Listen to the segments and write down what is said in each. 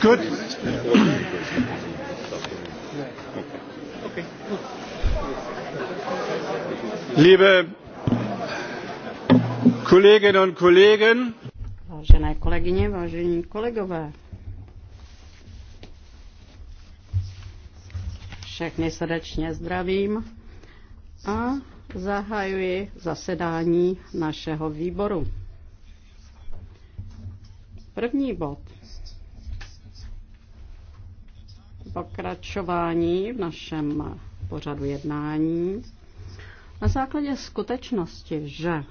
Good. Liebe Kolleginnen und Kollegen, Vážené kolegyně, vážení kolegové, všechny srdečně zdravím a zahajuji zasedání našeho výboru. První bod pokračování v našem pořadu jednání. Na základě skutečnosti, že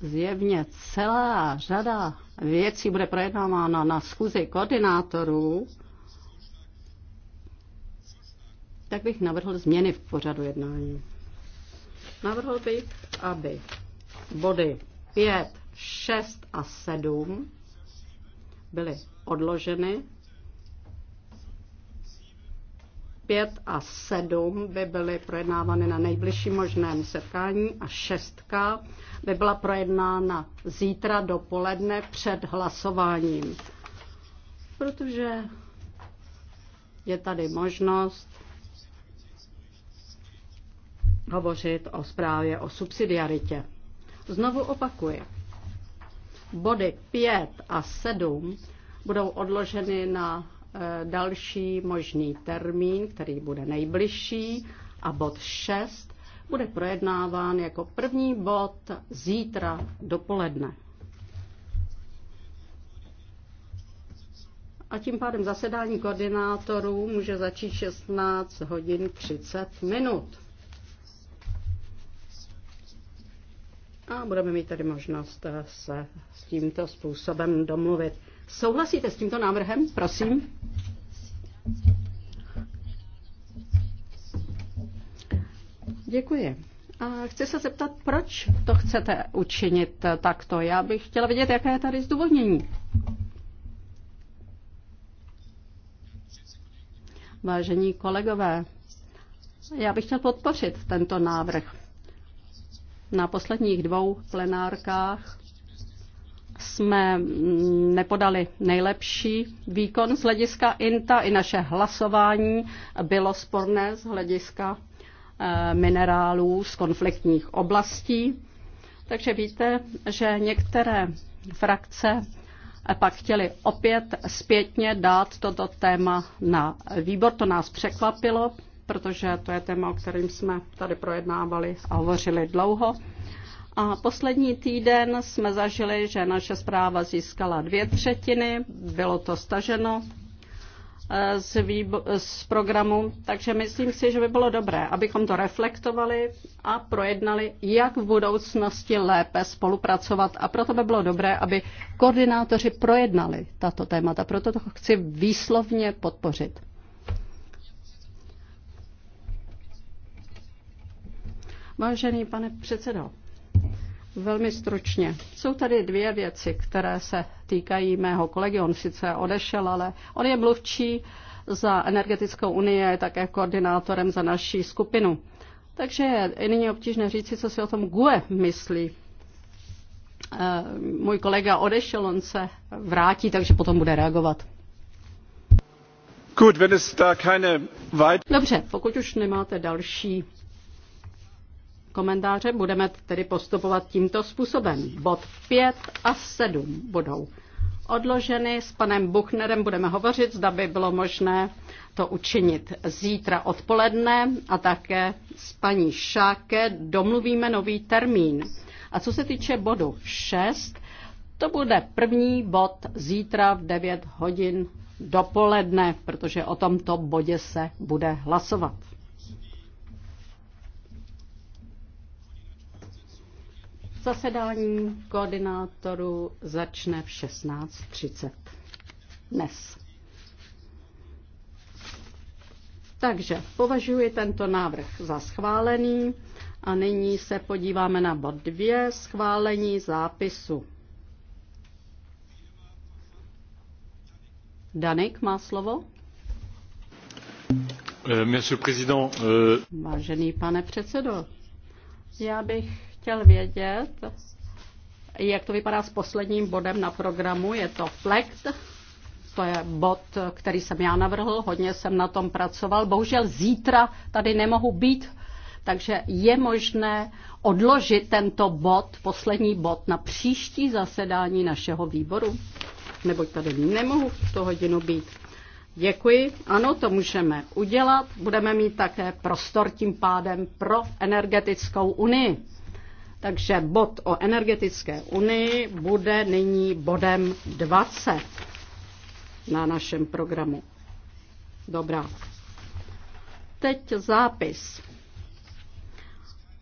zjevně celá řada věcí bude projednávána na schůzi koordinátorů, tak bych navrhl změny v pořadu jednání. Navrhl bych, aby body 5, 6 a 7 byly odloženy 5 a 7 by byly projednávány na nejbližším možném setkání a 6 by byla projednána zítra dopoledne před hlasováním. Protože je tady možnost hovořit o zprávě o subsidiaritě. Znovu opakuji. Body 5 a 7 budou odloženy na Eh, další možný termín, který bude nejbližší, a bod 6 bude projednáván jako první bod zítra dopoledne. A tím pádem zasedání koordinátorů může začít 16 hodin 30 minut. A budeme mít tady možnost eh, se s tímto způsobem domluvit. Souhlasíte s tímto návrhem? Prosím. Děkuji. A chci se zeptat, proč to chcete učinit takto? Já bych chtěla vědět, jaké je tady zdůvodnění. Vážení kolegové, já bych chtěl podpořit tento návrh. Na posledních dvou plenárkách jsme mm, nepodali nejlepší výkon z hlediska INTA. I naše hlasování bylo sporné z hlediska eh, minerálů z konfliktních oblastí. Takže víte, že některé frakce eh, pak chtěli opět zpětně dát toto téma na výbor. To nás překvapilo, protože to je téma, o kterým jsme tady projednávali a hovořili dlouho. A poslední týden jsme zažili, že naše zpráva získala dvě třetiny, bylo to staženo eh, z, výbo- z programu, takže myslím si, že by bylo dobré, abychom to reflektovali a projednali, jak v budoucnosti lépe spolupracovat. A proto by bylo dobré, aby koordinátoři projednali tato témata. Proto to chci výslovně podpořit. Vážený pane předsedo, Velmi stručně. Jsou tady dvě věci, které se týkají mého kolegy. On sice odešel, ale on je mluvčí za energetickou unii a je také koordinátorem za naší skupinu. Takže je nyní obtížné říci, co si o tom GUE myslí. Eh, můj kolega odešel, on se vrátí, takže potom bude reagovat. Dobře, pokud už nemáte další komentáře. Budeme tedy postupovat tímto způsobem. Bod 5 a 7 budou odloženy. S panem Buchnerem budeme hovořit, zda by bylo možné to učinit zítra odpoledne a také s paní Šáke domluvíme nový termín. A co se týče bodu 6, to bude první bod zítra v 9 hodin dopoledne, protože o tomto bodě se bude hlasovat. Zasedání koordinátorů začne v 16.30 dnes. Takže považuji tento návrh za schválený a nyní se podíváme na bod 2, schválení zápisu. Danik má slovo. Eh, eh, Vážený pane předsedo, já bych chtěl vědět, jak to vypadá s posledním bodem na programu. Je to FLECT, to je bod, který jsem já navrhl, hodně jsem na tom pracoval. Bohužel zítra tady nemohu být, takže je možné odložit tento bod, poslední bod, na příští zasedání našeho výboru, neboť tady nemohu v tu hodinu být. Děkuji. Ano, to můžeme udělat. Budeme mít také prostor tím pádem pro energetickou unii. Takže bod o energetické unii bude nyní bodem 20 na našem programu. Dobrá. Teď zápis.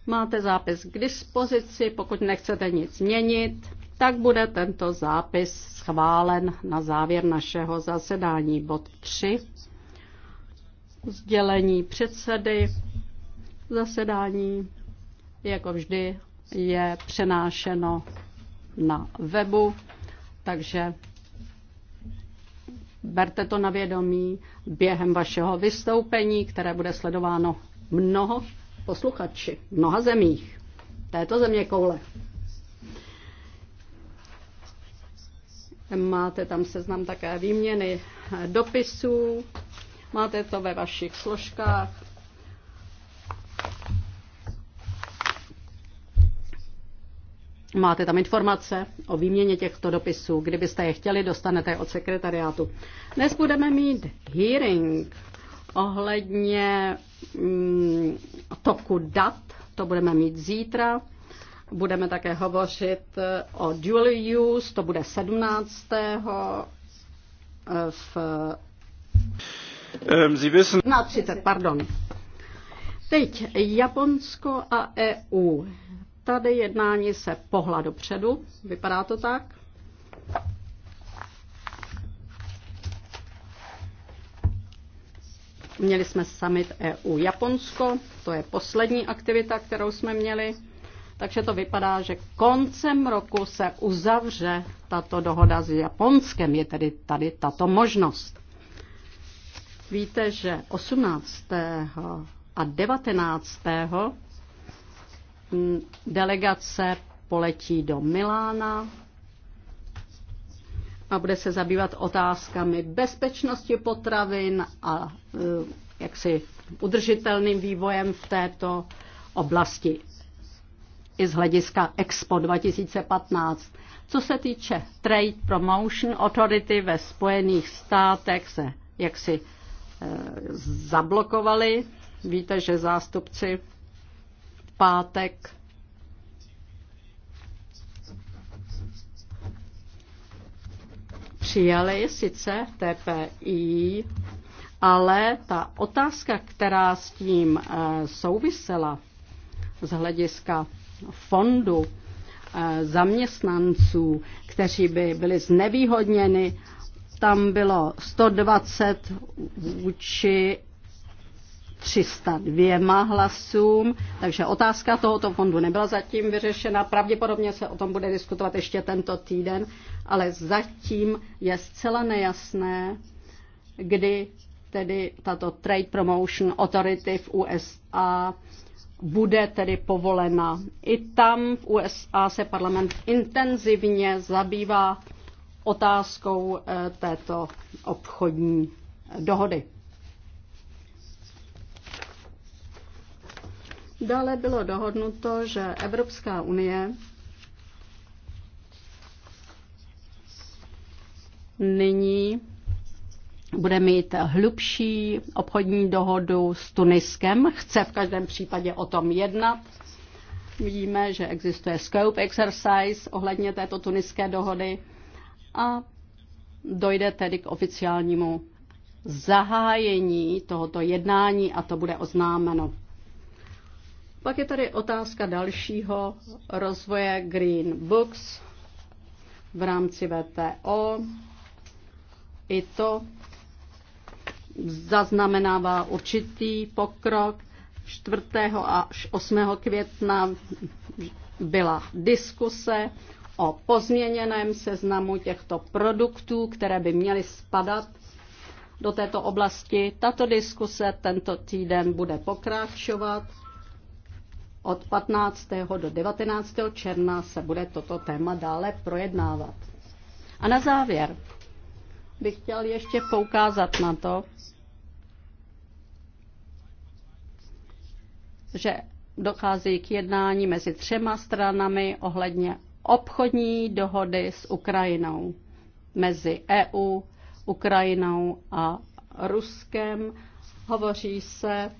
Máte zápis k dispozici, pokud nechcete nic měnit, tak bude tento zápis schválen na závěr našeho zasedání. Bod 3. Sdělení předsedy zasedání, jako vždy je přenášeno na webu, takže berte to na vědomí během vašeho vystoupení, které bude sledováno mnoho posluchači, mnoha zemích této země koule. Máte tam seznam také výměny dopisů, máte to ve vašich složkách Máte tam informace o výměně těchto dopisů. Kdybyste je chtěli, dostanete je od sekretariátu. Dnes budeme mít hearing ohledně mm, toku dat. To budeme mít zítra. Budeme také hovořit eh, o dual use. To bude 17. Eh, v ehm, na 30, pardon. Teď Japonsko a EU. Tady jednání se pohla dopředu, vypadá to tak. Měli jsme summit EU Japonsko, to je poslední aktivita, kterou jsme měli. Takže to vypadá, že koncem roku se uzavře tato dohoda s Japonskem. Je tedy tady tato možnost. Víte, že 18. a 19. Delegace poletí do Milána a bude se zabývat otázkami bezpečnosti potravin a e, jaksi udržitelným vývojem v této oblasti i z hlediska Expo 2015. Co se týče Trade Promotion Authority ve Spojených státech se jaksi e, zablokovali. Víte, že zástupci pátek. Přijali sice TPI, ale ta otázka, která s tím eh, souvisela z hlediska fondu eh, zaměstnanců, kteří by byli znevýhodněni, tam bylo 120 vůči 302 hlasům, takže otázka tohoto fondu nebyla zatím vyřešena. Pravděpodobně se o tom bude diskutovat ještě tento týden, ale zatím je zcela nejasné, kdy tedy tato Trade Promotion Authority v USA bude tedy povolena. I tam v USA se parlament intenzivně zabývá otázkou eh, této obchodní dohody. Dále bylo dohodnuto, že Evropská unie nyní bude mít hlubší obchodní dohodu s Tuniskem. Chce v každém případě o tom jednat. Vidíme, že existuje scope exercise ohledně této tuniské dohody a dojde tedy k oficiálnímu zahájení tohoto jednání a to bude oznámeno. Pak je tady otázka dalšího rozvoje Green Books v rámci VTO. I to zaznamenává určitý pokrok. 4. až 8. května byla diskuse o pozměněném seznamu těchto produktů, které by měly spadat do této oblasti. Tato diskuse tento týden bude pokračovat. Od 15. do 19. června se bude toto téma dále projednávat. A na závěr bych chtěl ještě poukázat na to, že dochází k jednání mezi třema stranami ohledně obchodní dohody s Ukrajinou mezi EU, Ukrajinou a Ruskem. Hovoří se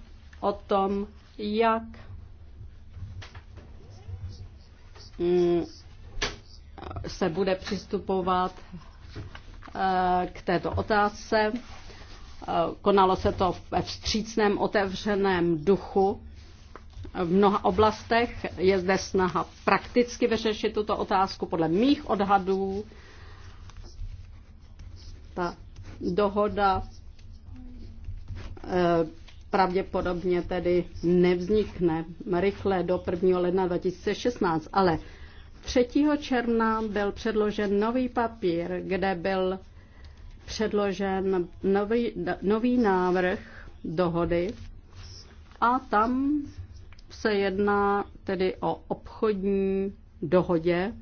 o tom, jak Mm, se bude přistupovat eh, k této otázce. Eh, konalo se to ve vstřícném, otevřeném duchu. V mnoha oblastech je zde snaha prakticky vyřešit tuto otázku. Podle mých odhadů ta dohoda eh, pravděpodobně tedy nevznikne rychle do 1. ledna 2016, ale 3. června byl předložen nový papír, kde byl předložen nový, nový návrh dohody a tam se jedná tedy o obchodní dohodě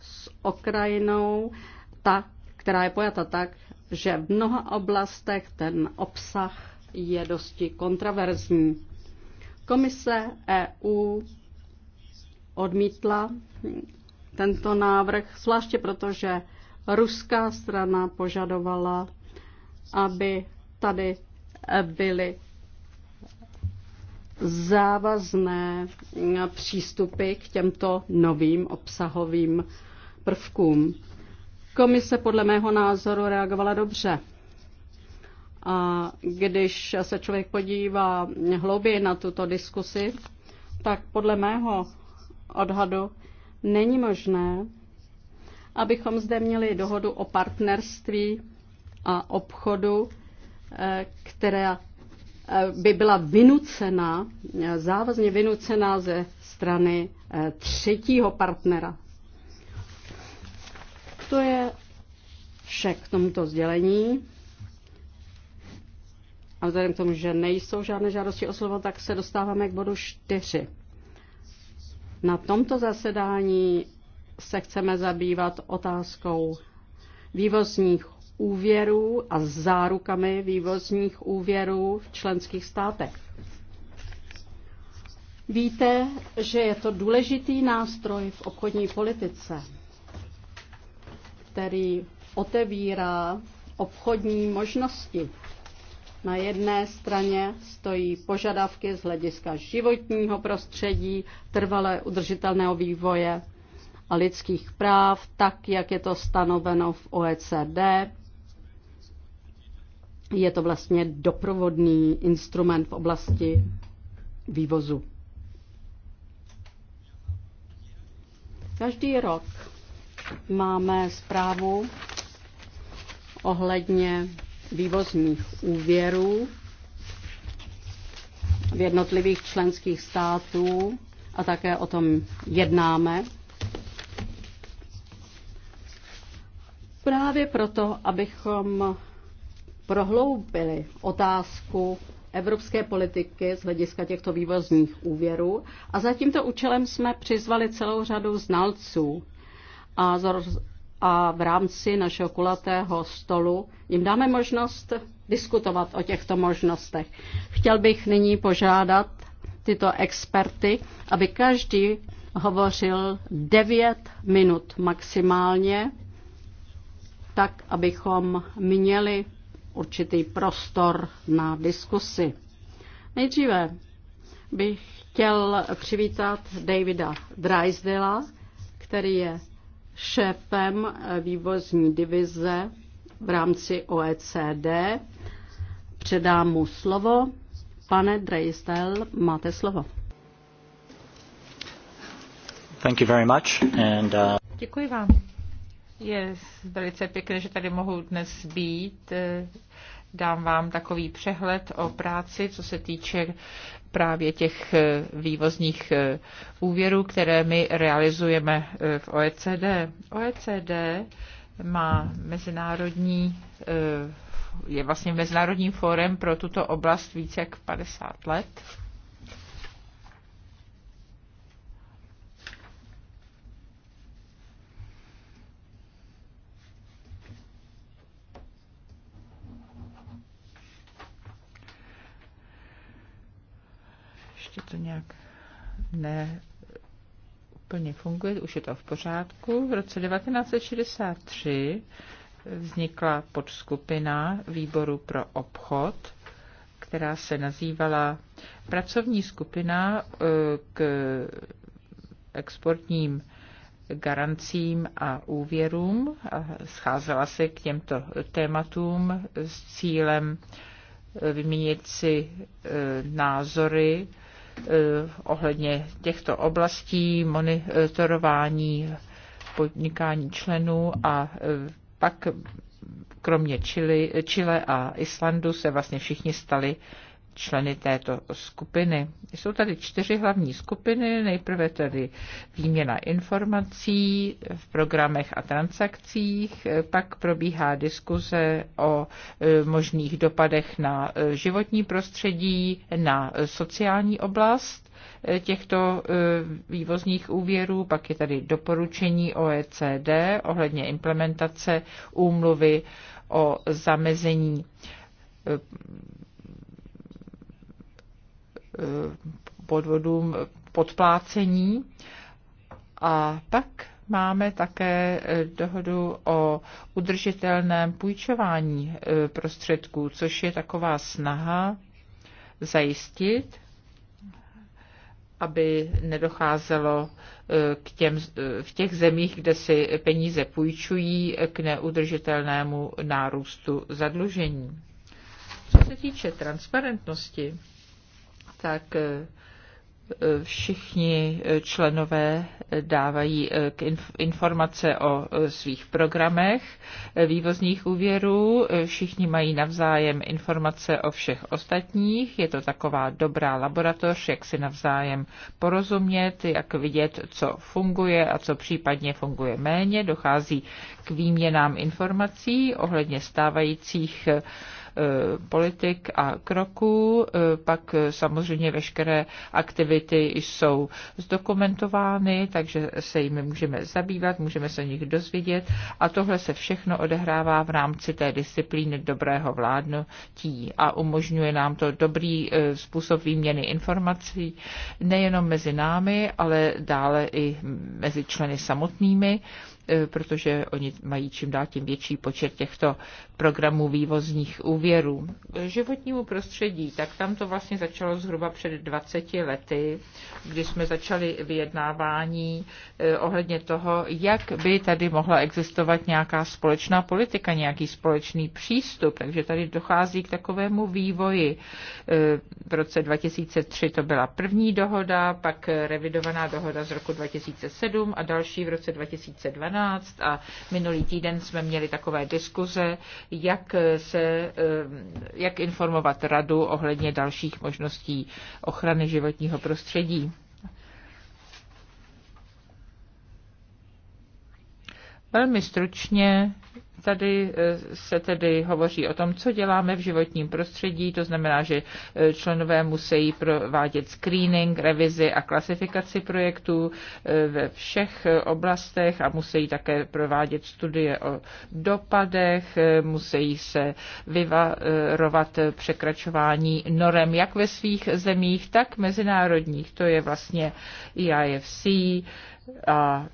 s okrajinou, ta, která je pojata tak, že v mnoha oblastech ten obsah je dosti kontraverzní. Komise EU odmítla tento návrh, zvláště protože ruská strana požadovala, aby tady byly závazné přístupy k těmto novým obsahovým prvkům. Komise podle mého názoru reagovala dobře. A když se člověk podívá hlouběji na tuto diskusi, tak podle mého odhadu není možné, abychom zde měli dohodu o partnerství a obchodu, eh, která eh, by byla vynucena, závazně vynucena ze strany eh, třetího partnera. To je vše k tomuto sdělení. A vzhledem k tomu, že nejsou žádné žádosti o slovo, tak se dostáváme k bodu 4. Na tomto zasedání se chceme zabývat otázkou vývozních úvěrů a zárukami vývozních úvěrů v členských státech. Víte, že je to důležitý nástroj v obchodní politice, který otevírá obchodní možnosti na jedné straně stojí požadavky z hlediska životního prostředí, trvalé udržitelného vývoje a lidských práv, tak jak je to stanoveno v OECD. Je to vlastně doprovodný instrument v oblasti vývozu. Každý rok máme zprávu ohledně vývozních úvěrů v jednotlivých členských států a také o tom jednáme. Právě proto, abychom prohloubili otázku evropské politiky z hlediska těchto vývozních úvěrů a za tímto účelem jsme přizvali celou řadu znalců a a v rámci našeho kulatého stolu jim dáme možnost diskutovat o těchto možnostech. Chtěl bych nyní požádat tyto experty, aby každý hovořil 9 minut maximálně, tak abychom měli určitý prostor na diskusi. Nejdříve bych chtěl přivítat Davida Drysdela, který je šéfem eh, vývozní divize v rámci OECD. Předám mu slovo. Pane Dreistel, máte slovo. Thank you very much and, uh... Děkuji vám. Je velice pěkné, že tady mohu dnes být eh, dám vám takový přehled o práci, co se týče právě těch eh, vývozních eh, úvěrů, které my realizujeme eh, v OECD. OECD má mezinárodní, je vlastně mezinárodním fórem pro tuto oblast více jak 50 let ještě prostě to nějak ne úplně funguje, už je to v pořádku. V roce 1963 vznikla podskupina výboru pro obchod, která se nazývala pracovní skupina eh, k exportním garancím a úvěrům. A scházela se k těmto tématům s cílem eh, vyměnit si eh, názory Eh, ohledně těchto oblastí, monitorování podnikání členů a eh, pak kromě Chile, Chile a Islandu se vlastně všichni stali členy této skupiny. Jsou tady čtyři hlavní skupiny. Nejprve tedy výměna informací v programech a transakcích, pak probíhá diskuze o e, možných dopadech na e, životní prostředí, na sociální oblast e, těchto vývozních úvěrů, pak je tady doporučení OECD ohledně implementace úmluvy o zamezení Eh, podvodům podplácení. A pak máme také eh, dohodu o udržitelném půjčování eh, prostředků, což je taková snaha zajistit, aby nedocházelo k těm, v těch zemích, kde si peníze půjčují, k neudržitelnému nárůstu zadlužení. Co se týče transparentnosti, tak eh, všichni členové dávají eh, informace o eh, svých programech eh, vývozních úvěrů, všichni mají navzájem informace o všech ostatních, je to taková dobrá laboratoř, jak si navzájem porozumět, jak vidět, co funguje a co případně funguje méně, dochází k výměnám informací ohledně stávajících politik a kroků, pak samozřejmě veškeré aktivity aktivity jsou zdokumentovány, takže se jimi můžeme zabývat, můžeme se o nich dozvědět a tohle se všechno odehrává v rámci té disciplíny dobrého vládnutí a umožňuje nám to dobrý e, způsob výměny informací nejenom mezi námi, ale dále i mezi členy samotnými E, protože oni mají čím dál tím větší počet těchto programů vývozních úvěrů. Životnímu prostředí, tak tam to vlastně začalo zhruba před 20 lety, kdy jsme začali vyjednávání e, ohledně toho, jak by tady mohla existovat nějaká společná politika, nějaký společný přístup. Takže tady dochází k takovému vývoji. E, v roce 2003 to byla první dohoda, pak revidovaná dohoda z roku 2007 a další v roce 2012 12 a minulý týden jsme měli takové diskuze, jak, se, eh, jak informovat radu ohledně dalších možností ochrany životního prostředí. Velmi stručně Tady e, se tedy hovoří o tom, co děláme v životním prostředí, to znamená, že e, členové musí provádět screening, revizi a klasifikaci projektů e, ve všech oblastech a musí také provádět studie o dopadech, musí se vyvarovat překračování norem jak ve svých zemích, tak mezinárodních. To je vlastně IFC a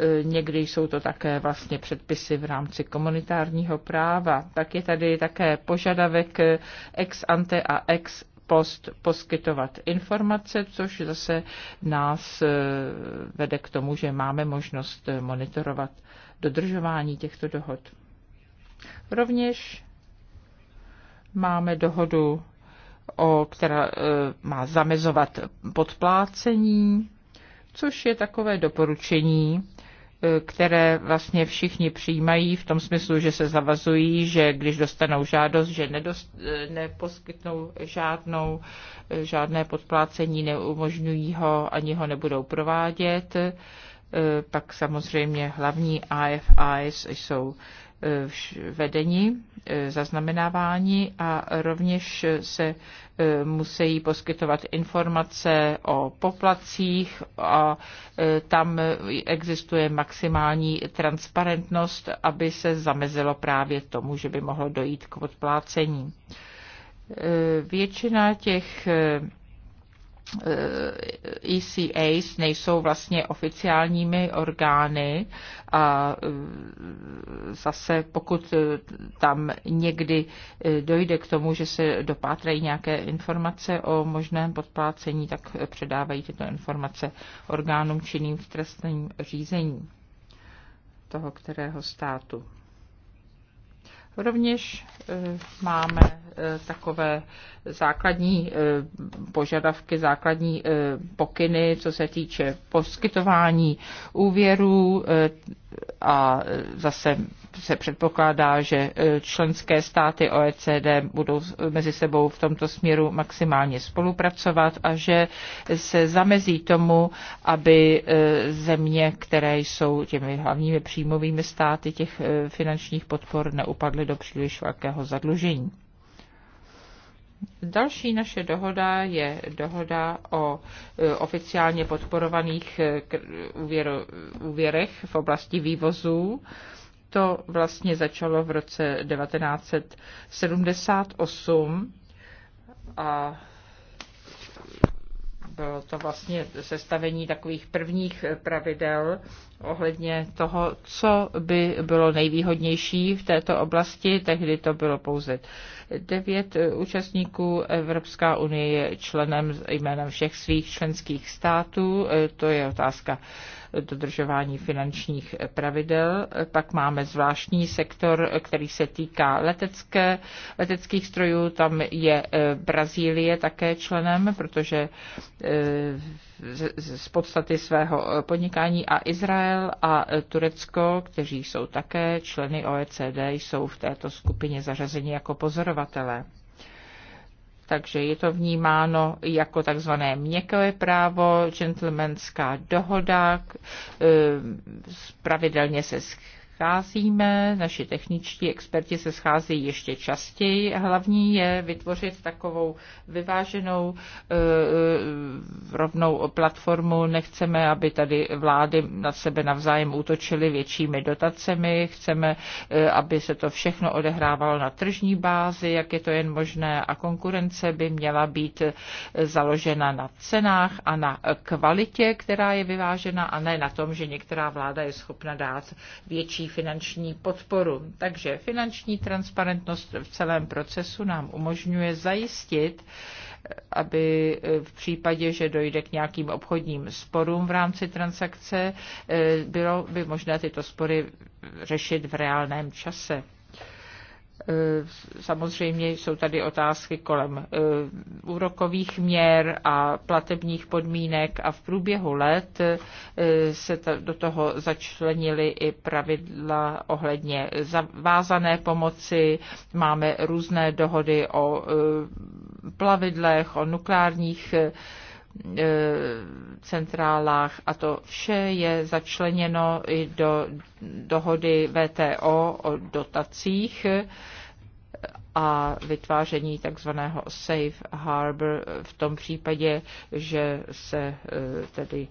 E, někdy jsou to také vlastně předpisy v rámci komunitárního práva. Tak je tady také požadavek ex ante a ex post poskytovat informace, což zase nás e, vede k tomu, že máme možnost monitorovat dodržování těchto dohod. Rovněž máme dohodu, o, která e, má zamezovat podplácení, což je takové doporučení, které vlastně všichni přijímají v tom smyslu, že se zavazují, že když dostanou žádost, že nedost, neposkytnou žádnou, žádné podplácení, neumožňují ho, ani ho nebudou provádět. Eh, pak samozřejmě hlavní IFIs jsou Eh, vedení, eh, zaznamenávání a rovněž se eh, musí poskytovat informace o poplacích a tam existuje maximální transparentnost, aby se zamezilo právě tomu, že by mohlo dojít k odplácení. Většina těch ECAs eh, e nejsou vlastně oficiálními orgány a eh, zase pokud eh, tam někdy dojde k tomu, že se dopátrají nějaké informace o možném podplácení, tak předávají tyto informace orgánům činným v trestním řízení toho kterého státu. Rovněž eh, máme eh, takové základní eh, požadavky, základní pokyny, co se týče poskytování úvěrů a zase se předpokládá, že e, členské státy OECD budou mezi sebou v tomto směru maximálně spolupracovat a že se zamezí tomu, aby e, země, které jsou těmi hlavními příjmovými státy těch e, finančních podpor, neupadly do příliš velkého zadlužení. Další naše dohoda je dohoda o oficiálně podporovaných úvěrech v oblasti vývozů. To vlastně začalo v roce 1978 a bylo to vlastně sestavení takových prvních pravidel ohledně toho, co by bylo nejvýhodnější v této oblasti. Tehdy to bylo pouze devět účastníků. Evropská unie je členem jménem všech svých členských států. To je otázka dodržování finančních pravidel. Pak máme zvláštní sektor, který se týká letecké, leteckých strojů. Tam je eh, Brazílie také členem, protože eh, z podstaty svého eh, podnikání a Izrael Izrael a e, Turecko, kteří jsou také členy OECD, jsou v této skupině zařazeni jako pozorovatelé. Takže je to vnímáno jako takzvané měkké právo, gentlemanská dohoda, e, pravidelně se scházíme, naši techničtí experti se scházejí ještě častěji. Hlavní je vytvořit takovou vyváženou eh, eh, rovnou platformu. Nechceme, aby tady vlády na sebe navzájem útočily většími dotacemi. Chceme, eh, aby se to všechno odehrávalo na tržní bázi, jak je to jen možné. A konkurence by měla být založena na cenách a na kvalitě, která je vyvážena a ne na tom, že některá vláda je schopna dát větší finanční podporu. Takže finanční transparentnost v celém procesu nám umožňuje zajistit, aby v případě, že dojde k nějakým obchodním sporům v rámci transakce, eh, bylo by možné tyto spory řešit v reálném čase. Eh, samozřejmě jsou tady otázky kolem eh, úrokových měr a platebních podmínek a v průběhu let eh, se do toho začlenili i pravidla ohledně zavázané pomoci. Máme různé dohody o plavidlech, o nukleárních E, centrálách a to vše je začleněno i do dohody VTO o dotacích a vytváření takzvaného safe harbor v tom případě, že se e, tedy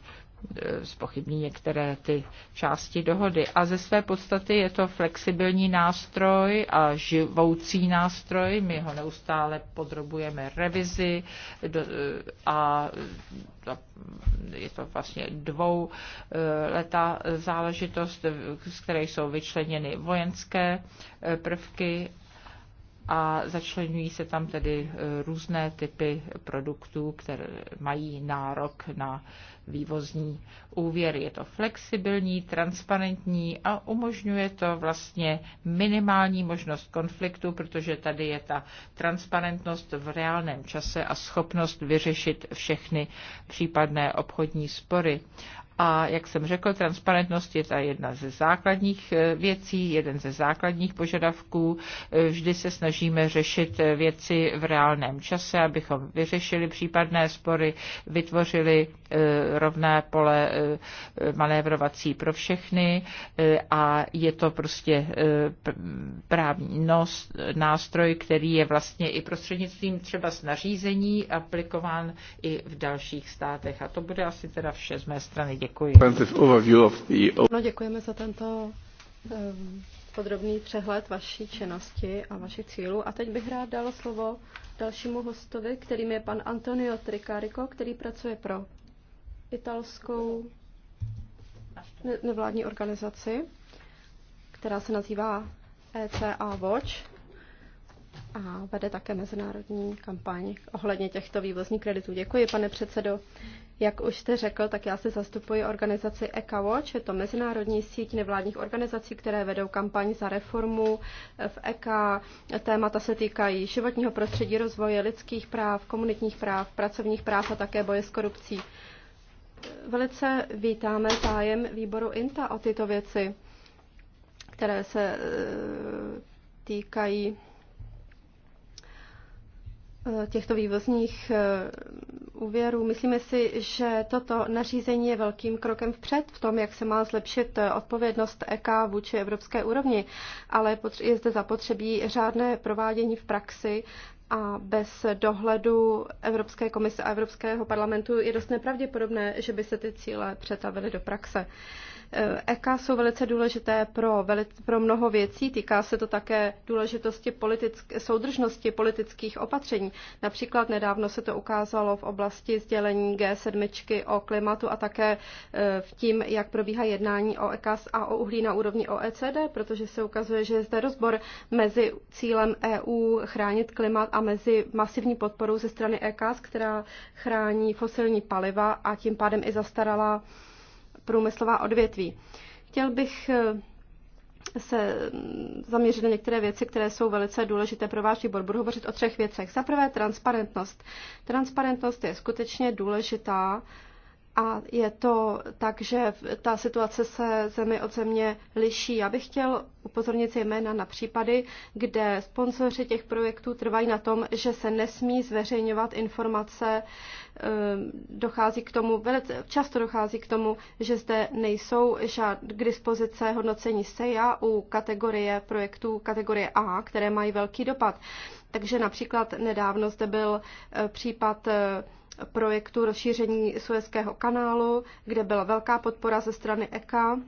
Eh, spochybní některé ty části dohody. A ze své podstaty je to flexibilní nástroj a živoucí nástroj. My ho neustále podrobujeme revizi eh, a je to vlastně dvou leta záležitost, z které jsou vyčleněny vojenské eh, prvky a začlenují se tam tedy eh, různé typy produktů, které mají nárok na vývozní úvěr. Je to flexibilní, transparentní a umožňuje to vlastně minimální možnost konfliktu, protože tady je ta transparentnost v reálném čase a schopnost vyřešit všechny případné obchodní spory. A jak jsem řekl, transparentnost je ta jedna ze základních eh, věcí, jeden ze základních požadavků. Eh, vždy se snažíme řešit eh, věci v reálném čase, abychom vyřešili případné spory, vytvořili rovné pole manévrovací pro všechny a je to prostě právní nástroj, který je vlastně i prostřednictvím třeba s nařízení aplikován i v dalších státech. A to bude asi teda vše z mé strany. Děkuji. No, děkujeme za tento ehm, podrobný přehled vaší činnosti a vašich cílů. A teď bych rád dal slovo dalšímu hostovi, kterým je pan Antonio Tricarico, který pracuje pro italskou nevládní organizaci, která se nazývá ECA Watch a vede také mezinárodní kampaň ohledně těchto vývozních kreditů. Děkuji, pane předsedo. Jak už jste řekl, tak já se zastupuji organizaci ECAWatch, je to mezinárodní síť nevládních organizací, které vedou kampaň za reformu v ECA. Témata se týkají životního prostředí, rozvoje lidských práv, komunitních práv, pracovních práv a také boje s korupcí. Velice vítáme zájem výboru INTA o tyto věci, které se eh, týkají Eh, těchto vývozních eh, úvěrů. Myslíme si, že toto nařízení je velkým krokem vpřed v tom, jak se má zlepšit eh, odpovědnost EK vůči evropské úrovni, ale je zde zapotřebí řádné provádění v praxi a bez dohledu Evropské komise a Evropského parlamentu je dost nepravděpodobné, že by se ty cíle přetavily do praxe. Uh, Eh, EKA jsou velice důležité pro, veli, pro mnoho věcí. Týká se to také důležitosti politick, soudržnosti politických opatření. Například nedávno se to ukázalo v oblasti sdělení G7 o klimatu a také eh, v tím, jak probíhá jednání o EKA a o uhlí na úrovni OECD, protože se ukazuje, že je zde rozbor mezi cílem EU chránit klimat a mezi masivní podporou ze strany EKA, která chrání fosilní paliva a tím pádem i zastarala průmyslová odvětví. Chtěl bych eh, se zaměřit na některé věci, které jsou velice důležité pro váš výbor. Budu hovořit o třech věcech. Za prvé transparentnost. Transparentnost je skutečně důležitá a je to tak, že ta situace se zemi od země liší. Já bych chtěl upozornit zejména na případy, kde sponzoři těch projektů trvají na tom, že se nesmí zveřejňovat informace. Ehm, dochází k tomu, velice často dochází k tomu, že zde nejsou žád k dispozice hodnocení SEJA u kategorie projektů kategorie A, které mají velký dopad. Takže například nedávno zde byl eh, případ eh, projektu rozšíření Suezského kanálu, kde byla velká podpora ze strany EKA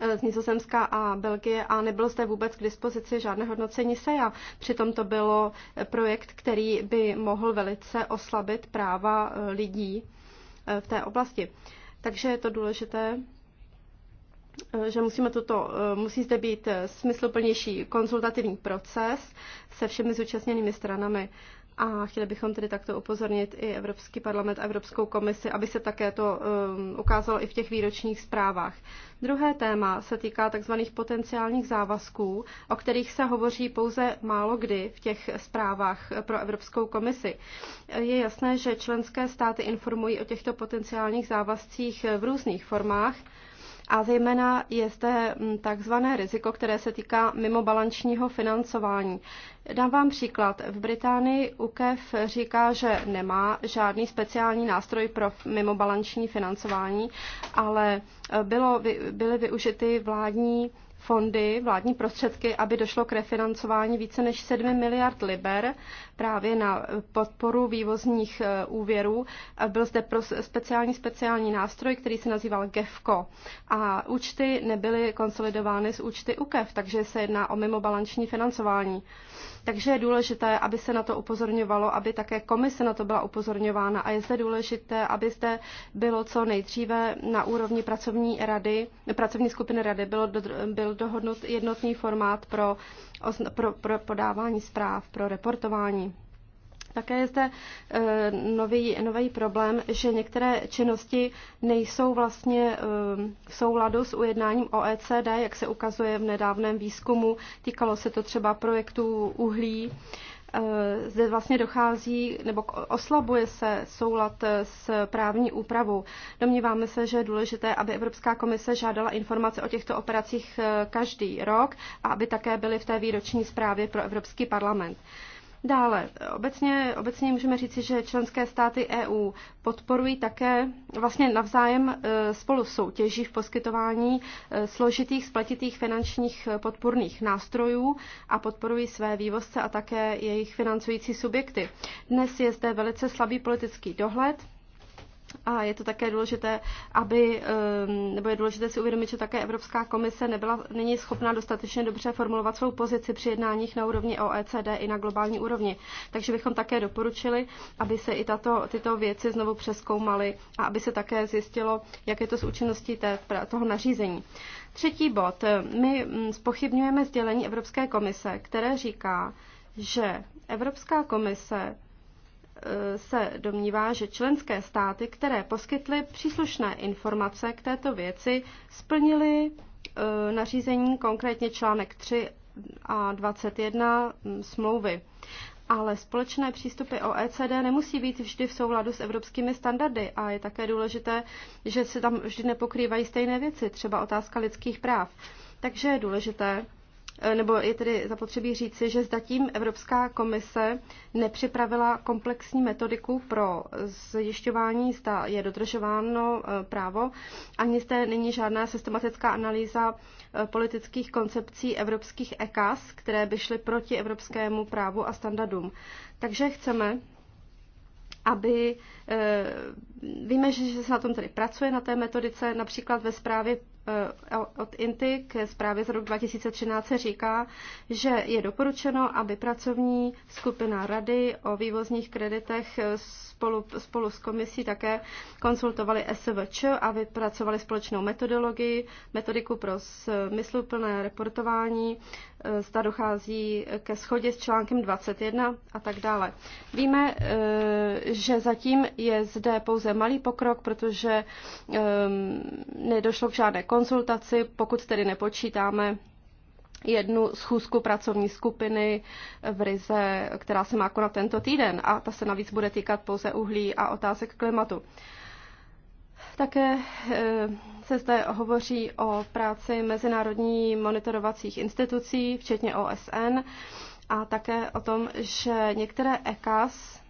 eh, z Nizozemska a Belgie a nebylo zde vůbec k dispozici žádné hodnocení a Přitom to bylo eh, projekt, který by mohl velice oslabit práva eh, lidí v té oblasti. Takže je to důležité, že musíme tuto, musí zde být smysluplnější konzultativní proces se všemi zúčastněnými stranami. A chtěli bychom tedy takto upozornit i Evropský parlament a Evropskou komisi, aby se také to um, ukázalo i v těch výročních zprávách. Druhé téma se týká tzv. potenciálních závazků, o kterých se hovoří pouze málo kdy v těch zprávách pro Evropskou komisi. Je jasné, že členské státy informují o těchto potenciálních závazcích v různých formách, a zejména je zde mm, takzvané riziko, které se týká mimobalančního financování. Dám vám příklad. V Británii UKEF říká, že nemá žádný speciální nástroj pro mimobalanční financování, ale e, bylo, byly využity vládní fondy, vládní prostředky, aby došlo k refinancování více než 7 miliard liber právě na podporu vývozních e, úvěrů. E, byl zde speciální speciální nástroj, který se nazýval GEFCO. A účty nebyly konsolidovány z účty UKEF, takže se jedná o mimobalanční financování. Takže je důležité, aby se na to upozorňovalo, aby také komise na to byla upozorňována a je zde důležité, aby zde bylo co nejdříve na úrovni pracovní rady, pracovní skupiny rady bylo, byl dohodnut jednotný formát pro, pro, pro podávání zpráv, pro reportování. Také je zde e, nový, nový problém, že některé činnosti nejsou vlastně e, v souladu s ujednáním OECD, jak se ukazuje v nedávném výzkumu. Týkalo se to třeba projektů uhlí. E, zde vlastně dochází nebo oslabuje se soulad s právní úpravou. Domníváme se, že je důležité, aby Evropská komise žádala informace o těchto operacích každý rok a aby také byly v té výroční zprávě pro Evropský parlament. Dále, obecně, obecně můžeme říci, že členské státy EU podporují také vlastně navzájem e, spolu soutěží v poskytování e, složitých, spletitých finančních e, podpůrných nástrojů a podporují své vývozce a také jejich financující subjekty. Dnes je zde velice slabý politický dohled, a je to také důležité, aby, ehm, nebo je důležité si uvědomit, že také Evropská komise nebyla, není schopná dostatečně dobře formulovat svou pozici při jednáních na úrovni OECD i na globální úrovni. Takže bychom také doporučili, aby se i tato, tyto věci znovu přeskoumaly a aby se také zjistilo, jak je to s účinností té, toho nařízení. Třetí bod. My mm, spochybňujeme sdělení Evropské komise, které říká, že Evropská komise se domnívá, že členské státy, které poskytly příslušné informace k této věci, splnily e, nařízení, konkrétně článek 3 a 21 mm, smlouvy. Ale společné přístupy OECD nemusí být vždy v souladu s evropskými standardy a je také důležité, že se tam vždy nepokrývají stejné věci, třeba otázka lidských práv. Takže je důležité, Eh, nebo je tedy zapotřebí říci, že zatím Evropská komise nepřipravila komplexní metodiku pro zjišťování, zda je dodržováno eh, právo, ani zde není žádná systematická analýza eh, politických koncepcí evropských EKAS, které by šly proti evropskému právu a standardům. Takže chceme, aby, víme, že se na tom tedy pracuje, na té metodice, například ve zprávě Eh, od INTY k zprávě z roku 2013 se říká, že je doporučeno, aby pracovní skupina Rady o vývozních kreditech eh, spolu, spolu s komisí také konsultovali SVČ a vypracovali společnou metodologii, metodiku pro smysluplné reportování E, zda dochází ke schodě s článkem 21 a tak dále. Víme, e, že zatím je zde pouze malý pokrok, protože e, nedošlo k žádné konzultaci, pokud tedy nepočítáme jednu schůzku pracovní skupiny v Rize, která se má konat tento týden a ta se navíc bude týkat pouze uhlí a otázek klimatu. Také eh, se zde hovoří o práci mezinárodní monitorovacích institucí, včetně OSN, a také o tom, že některé ECAS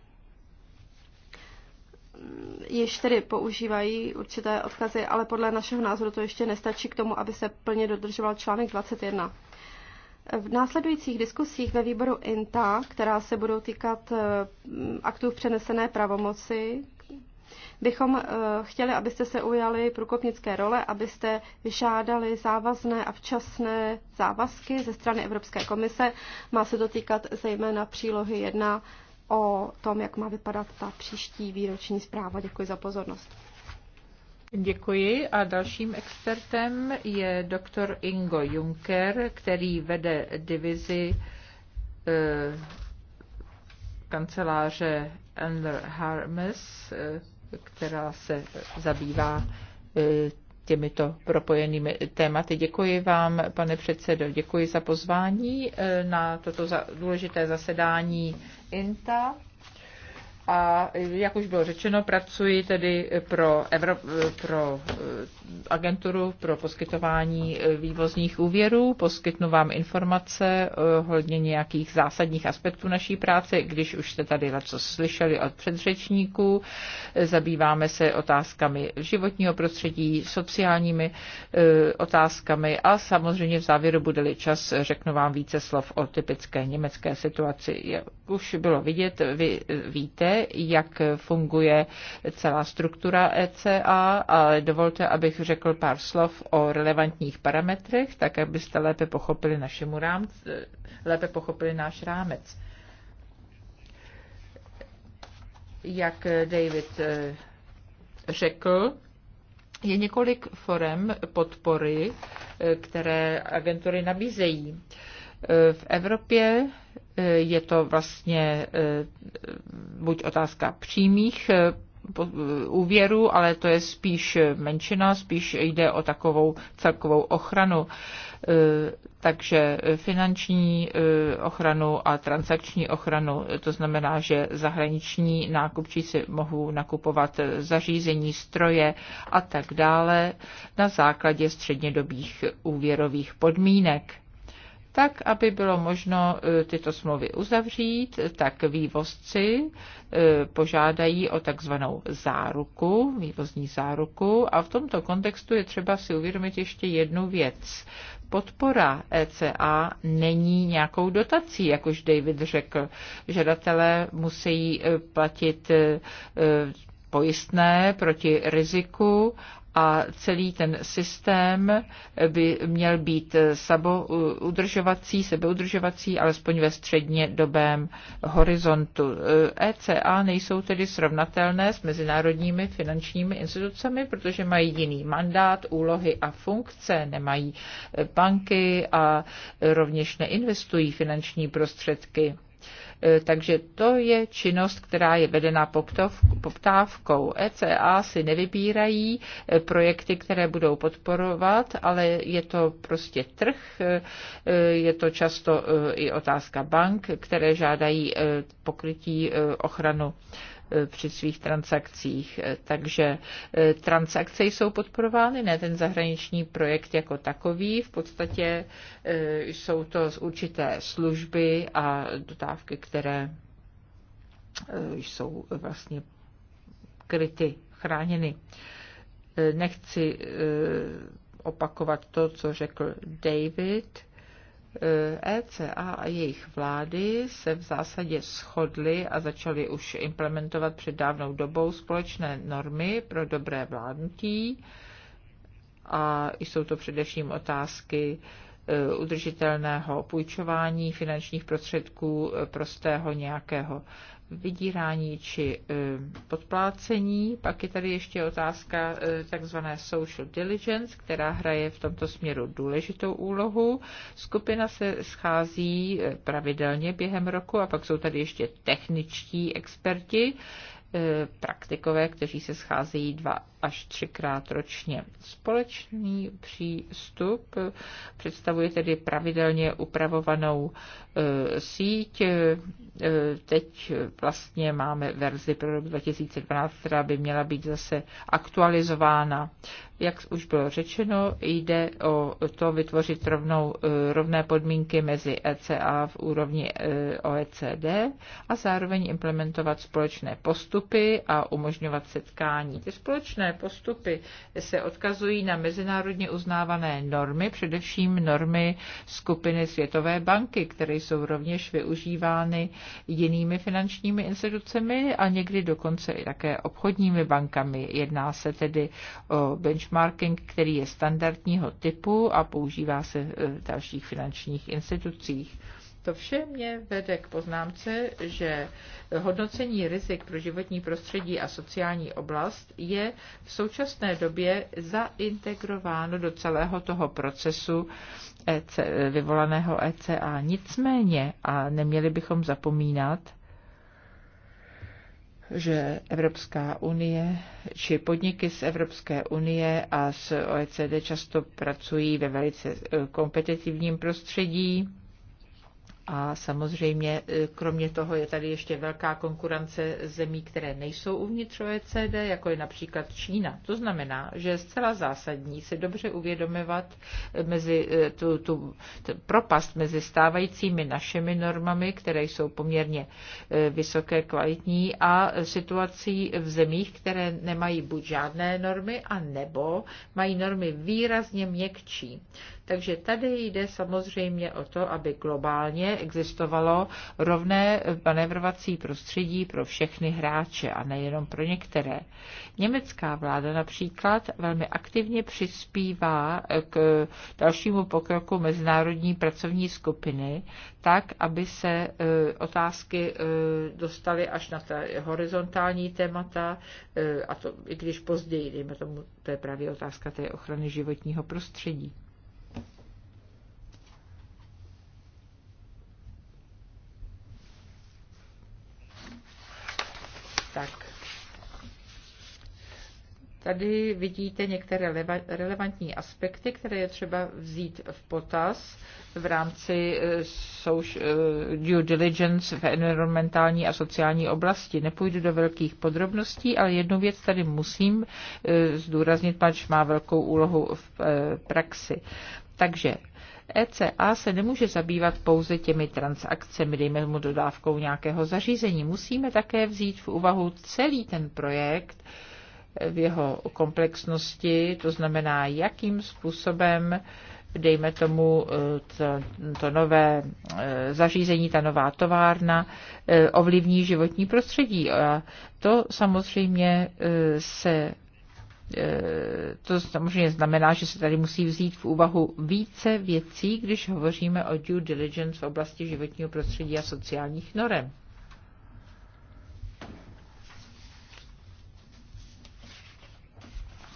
mm, již tedy používají určité odkazy, ale podle našeho názoru to ještě nestačí k tomu, aby se plně dodržoval článek 21. V následujících diskusích ve výboru INTA, která se budou týkat eh, aktů v přenesené pravomoci, bychom eh, chtěli, abyste se ujali průkopnické role, abyste vyšádali závazné a včasné závazky ze strany Evropské komise. Má se dotýkat zejména přílohy 1 o tom, jak má vypadat ta příští výroční zpráva. Děkuji za pozornost. Děkuji a dalším expertem je doktor Ingo Juncker, který vede divizi e, kanceláře Ender Harmes, E, eh, která se zabývá e, těmito propojenými tématy. Děkuji vám, pane předsedo, děkuji za pozvání e, na toto důležité zasedání INTA a jak už bylo řečeno, pracuji tedy pro, Evro, pro eh, agenturu pro poskytování eh, vývozních úvěrů. Poskytnu vám informace eh, hodně nějakých zásadních aspektů naší práce, když už jste tady co slyšeli od předřečníků. Zabýváme se otázkami životního prostředí, sociálními otázkami a samozřejmě v závěru bude-li čas, řeknu vám více slov o typické německé situaci. Jak už bylo vidět, vy víte, jak funguje celá struktura ECA, ale dovolte, abych řekl pár slov o relevantních parametrech, tak abyste lépe pochopili, našemu rámc lépe pochopili náš rámec. Jak David eh, řekl, je několik forem podpory, eh, které agentury nabízejí. Eh, v Evropě je to vlastně eh, buď otázka přímých eh, eh, úvěrů, ale to je spíš menšina, spíš jde o takovou celkovou ochranu. Takže finanční ochranu a transakční ochranu, to znamená, že zahraniční si mohou nakupovat zařízení, stroje a tak dále na základě střednědobých úvěrových podmínek tak, aby bylo možno e, tyto smlouvy uzavřít, tak vývozci e, požádají o takzvanou záruku, vývozní záruku a v tomto kontextu je třeba si uvědomit ještě jednu věc. Podpora ECA není nějakou dotací, jak už David řekl. Žadatelé musí e, platit pojistné proti riziku a celý ten systém by měl být sebeudržovací, udržovací, sebeudržovací, alespoň ve středně dobém horizontu. ECA nejsou tedy srovnatelné s mezinárodními finančními institucemi, protože mají jiný mandát, úlohy a funkce, nemají banky a rovněž neinvestují finanční prostředky E, takže to je činnost, která je vedena poptávkou. ECA si nevybírají e, projekty, které budou podporovat, ale je to prostě trh, e, je to často i otázka bank, které žádají pokrytí ochranu Eh, při svých transakcích. Eh, takže eh, transakce jsou podporovány, ne ten zahraniční projekt jako takový. V podstatě jsou to z určité služby a dodávky, které jsou vlastně kryty, chráněny. Nechci opakovat to, co řekl David ECA e a jejich vlády se v zásadě shodly a začaly už implementovat před dávnou dobou společné normy pro dobré vládnutí. A jsou to především otázky e, udržitelného půjčování finančních prostředků, e, prostého nějakého vydírání či e, podplácení. Pak je tady ještě otázka e, takzvané social diligence, která hraje v tomto směru důležitou úlohu. Skupina se schází e, pravidelně během roku a pak jsou tady ještě techničtí experti, E, praktikové, kteří se scházejí dva až třikrát ročně. Společný přístup představuje tedy pravidelně upravovanou e, síť. E, teď vlastně máme verzi pro rok 2012, která by měla být zase aktualizována jak už bylo řečeno, jde o to vytvořit rovnou, eh, rovné podmínky mezi ECA v úrovni eh, OECD a zároveň implementovat společné postupy a umožňovat setkání. Ty společné postupy se odkazují na mezinárodně uznávané normy, především normy skupiny Světové banky, které jsou rovněž využívány jinými finančními institucemi a někdy dokonce i také obchodními bankami. Jedná se tedy o benchmark benchmarking, který je standardního typu a používá se eh, v dalších finančních institucích. To vše mě vede k poznámce, že hodnocení rizik pro životní prostředí a sociální oblast je v současné době zaintegrováno do celého toho procesu EC, vyvolaného ECA. Nicméně, a neměli bychom zapomínat, že Evropská unie či podniky z Evropské unie a z OECD často pracují ve velice eh, kompetitivním prostředí a samozřejmě e, kromě toho je tady ještě velká konkurence zemí, které nejsou uvnitř OECD, jako je například Čína. To znamená, že je zcela zásadní se dobře uvědomovat e, mezi e, tu, tu, tu propast mezi stávajícími našimi normami, které jsou poměrně vysoké, kvalitní, a situací v zemích, které nemají buď žádné normy, a nebo mají normy výrazně měkčí. Takže tady jde samozřejmě o to, aby globálně existovalo rovné manevrovací prostředí pro všechny hráče a nejenom pro některé. Německá vláda například velmi aktivně přispívá k dalšímu pokroku mezinárodní pracovní skupiny, tak, aby se eh, otázky eh, dostaly až na ta horizontální témata, eh, a to i když později, dejme tomu, to je právě otázka té ochrany životního prostředí. tak. Tady vidíte některé relevantní aspekty, které je třeba vzít v potaz v rámci eh, eh, due diligence v environmentální a sociální oblasti. Nepůjdu do velkých podrobností, ale jednu věc tady musím eh, zdůraznit, pač má velkou úlohu v praxi. Takže ECA se nemůže zabývat pouze těmi transakcemi, dejme mu dodávkou nějakého zařízení. Musíme také vzít v úvahu celý ten projekt v jeho komplexnosti, to znamená, jakým způsobem dejme tomu, to, to nové e, zařízení, ta nová továrna e, ovlivní životní prostředí. A to samozřejmě e, se E, to samozřejmě znamená, že se tady musí vzít v úvahu více věcí, když hovoříme o due diligence v oblasti životního prostředí a sociálních norem.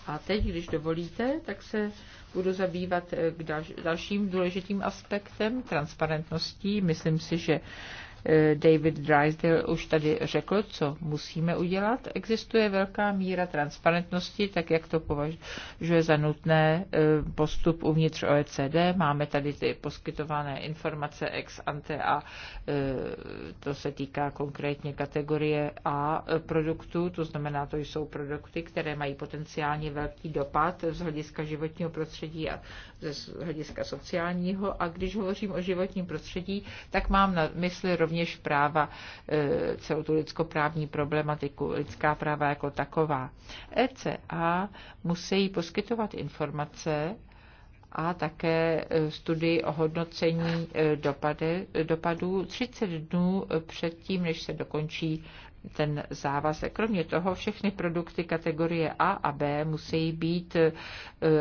A teď, když dovolíte, tak se budu zabývat e, k dalším důležitým aspektem transparentností. Myslím si, že David Drysdale už tady řekl, co musíme udělat. Existuje velká míra transparentnosti, tak jak to považuje za nutné eh, postup uvnitř OECD. Máme tady ty poskytované informace ex ante a eh, to se týká konkrétně kategorie A produktů, to znamená, to jsou produkty, které mají potenciálně velký dopad z hlediska životního prostředí a z hlediska sociálního. A když hovořím o životním prostředí, tak mám na mysli rovně rovněž práva, e, celou tu lidskoprávní problematiku, lidská práva jako taková. ECA musí poskytovat informace a také e, studii o hodnocení e, dopady, dopadů 30 dnů před tím, než se dokončí ten závazek. Kromě toho všechny produkty kategorie A a B musí být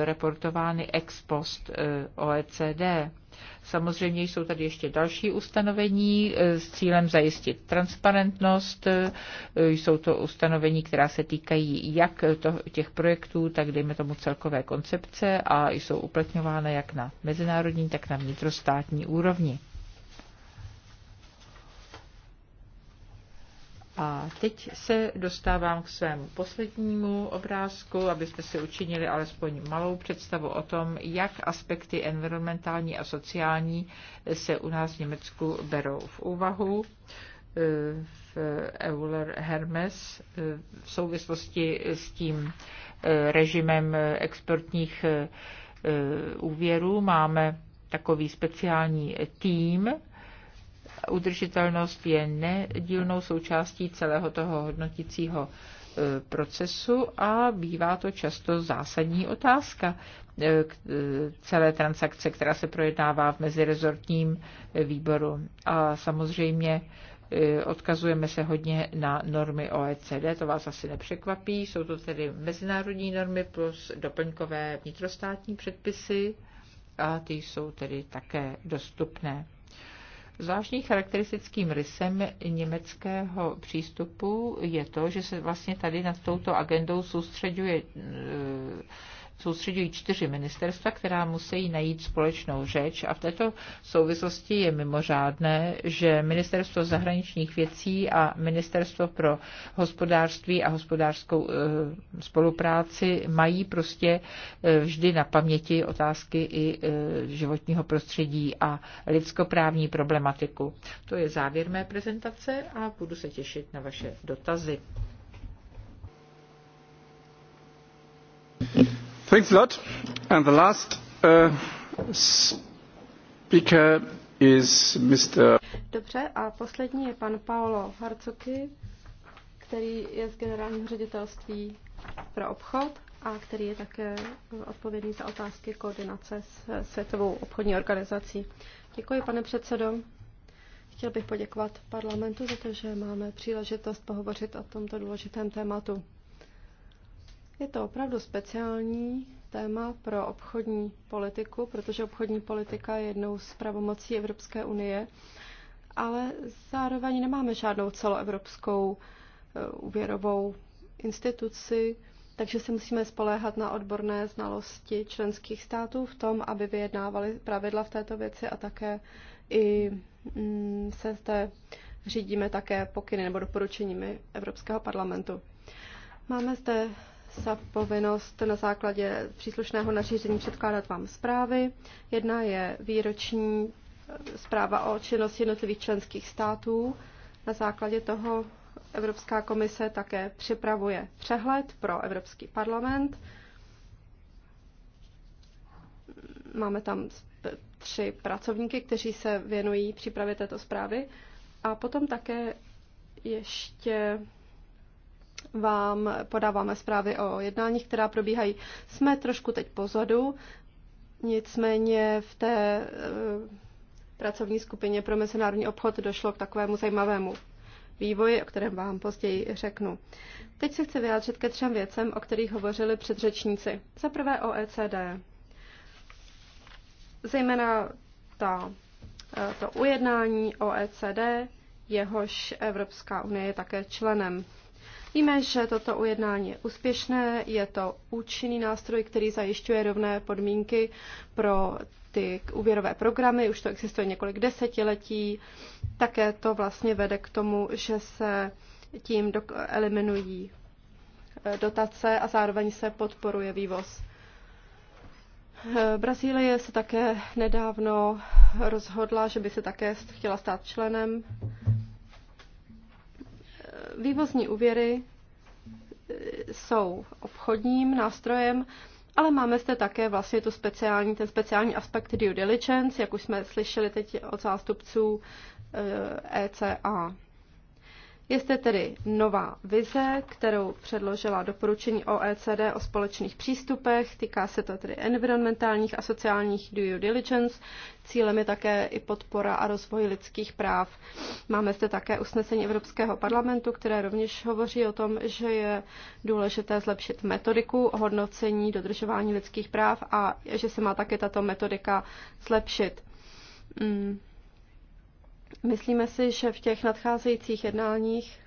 reportovány ex post OECD. Samozřejmě jsou tady ještě další ustanovení e, s cílem zajistit transparentnost. E, jsou to ustanovení, která se týkají jak to, těch projektů, tak dejme tomu celkové koncepce a jsou uplatňována jak na mezinárodní, tak na vnitrostátní úrovni. A teď se dostávám k svému poslednímu obrázku, abyste si učinili alespoň malou představu o tom, jak aspekty environmentální a sociální se u nás v Německu berou v úvahu e, v Euler Hermes e, v souvislosti s tím e, režimem exportních úvěrů. Máme takový speciální tým, udržitelnost je nedílnou součástí celého toho hodnotícího e, procesu a bývá to často zásadní otázka e, e, celé transakce, která se projednává v mezirezortním výboru. A samozřejmě odkazujeme se hodně na normy OECD, to vás asi nepřekvapí. Jsou to tedy mezinárodní normy plus doplňkové vnitrostátní předpisy a ty jsou tedy také dostupné. Zvláštní charakteristickým rysem německého přístupu je to, že se vlastně tady nad touto agendou soustředuje soustředují čtyři ministerstva, která musí najít společnou řeč a v této souvislosti je mimořádné, že Ministerstvo zahraničních věcí a Ministerstvo pro hospodářství a hospodářskou eh, spolupráci mají prostě eh, vždy na paměti otázky i eh, životního prostředí a lidskoprávní problematiku. To je závěr mé prezentace a budu se těšit na vaše dotazy. Thanks a lot. And the last uh, speaker is Mr. Dobře, a poslední je pan Paolo Harcoky, který je z generálního ředitelství pro obchod a který je také uh, odpovědný za otázky koordinace s uh, Světovou obchodní organizací. Děkuji, pane předsedo. Chtěl bych poděkovat parlamentu za to, že máme příležitost pohovořit o tomto důležitém tématu. Je to opravdu speciální téma pro obchodní politiku, protože obchodní politika je jednou z pravomocí Evropské unie, ale zároveň nemáme žádnou celoevropskou eh, úvěrovou instituci, takže se musíme spoléhat na odborné znalosti členských států v tom, aby vyjednávali pravidla v této věci a také i mm, se zde řídíme také pokyny nebo doporučeními Evropského parlamentu. Máme zde za povinnost na základě příslušného nařízení předkládat vám zprávy. Jedna je výroční eh, zpráva o činnosti jednotlivých členských států. Na základě toho Evropská komise také připravuje přehled pro Evropský parlament. Máme tam tři pracovníky, kteří se věnují přípravě této zprávy. A potom také ještě vám podáváme zprávy o jednáních, která probíhají. Jsme trošku teď pozadu, nicméně v té eh, pracovní skupině pro mezinárodní obchod došlo k takovému zajímavému vývoji, o kterém vám později řeknu. Teď se chci vyjádřit ke třem věcem, o kterých hovořili předřečníci. Za prvé OECD. Zejména ta, eh, to ujednání OECD, jehož Evropská unie je také členem. Víme, že toto ujednání je úspěšné, je to účinný nástroj, který zajišťuje rovné podmínky pro ty úvěrové programy, už to existuje několik desetiletí. Také to vlastně vede k tomu, že se tím eliminují eh, dotace a zároveň se podporuje vývoz. Eh, Brazílie se také nedávno rozhodla, že by se také chtěla stát členem vývozní úvěry e, jsou obchodním nástrojem, ale máme zde také vlastně tu speciální, ten speciální aspekt due diligence, jak už jsme slyšeli teď od zástupců ECA. E je zde tedy nová vize, kterou předložila doporučení OECD o společných přístupech. Týká se to tedy environmentálních a sociálních due diligence. Cílem je také i podpora a rozvoj lidských práv. Máme zde také usnesení Evropského parlamentu, které rovněž hovoří o tom, že je důležité zlepšit metodiku hodnocení dodržování lidských práv a že se má také tato metodika zlepšit. Mm. Myslíme si, že v těch nadcházejících jednáních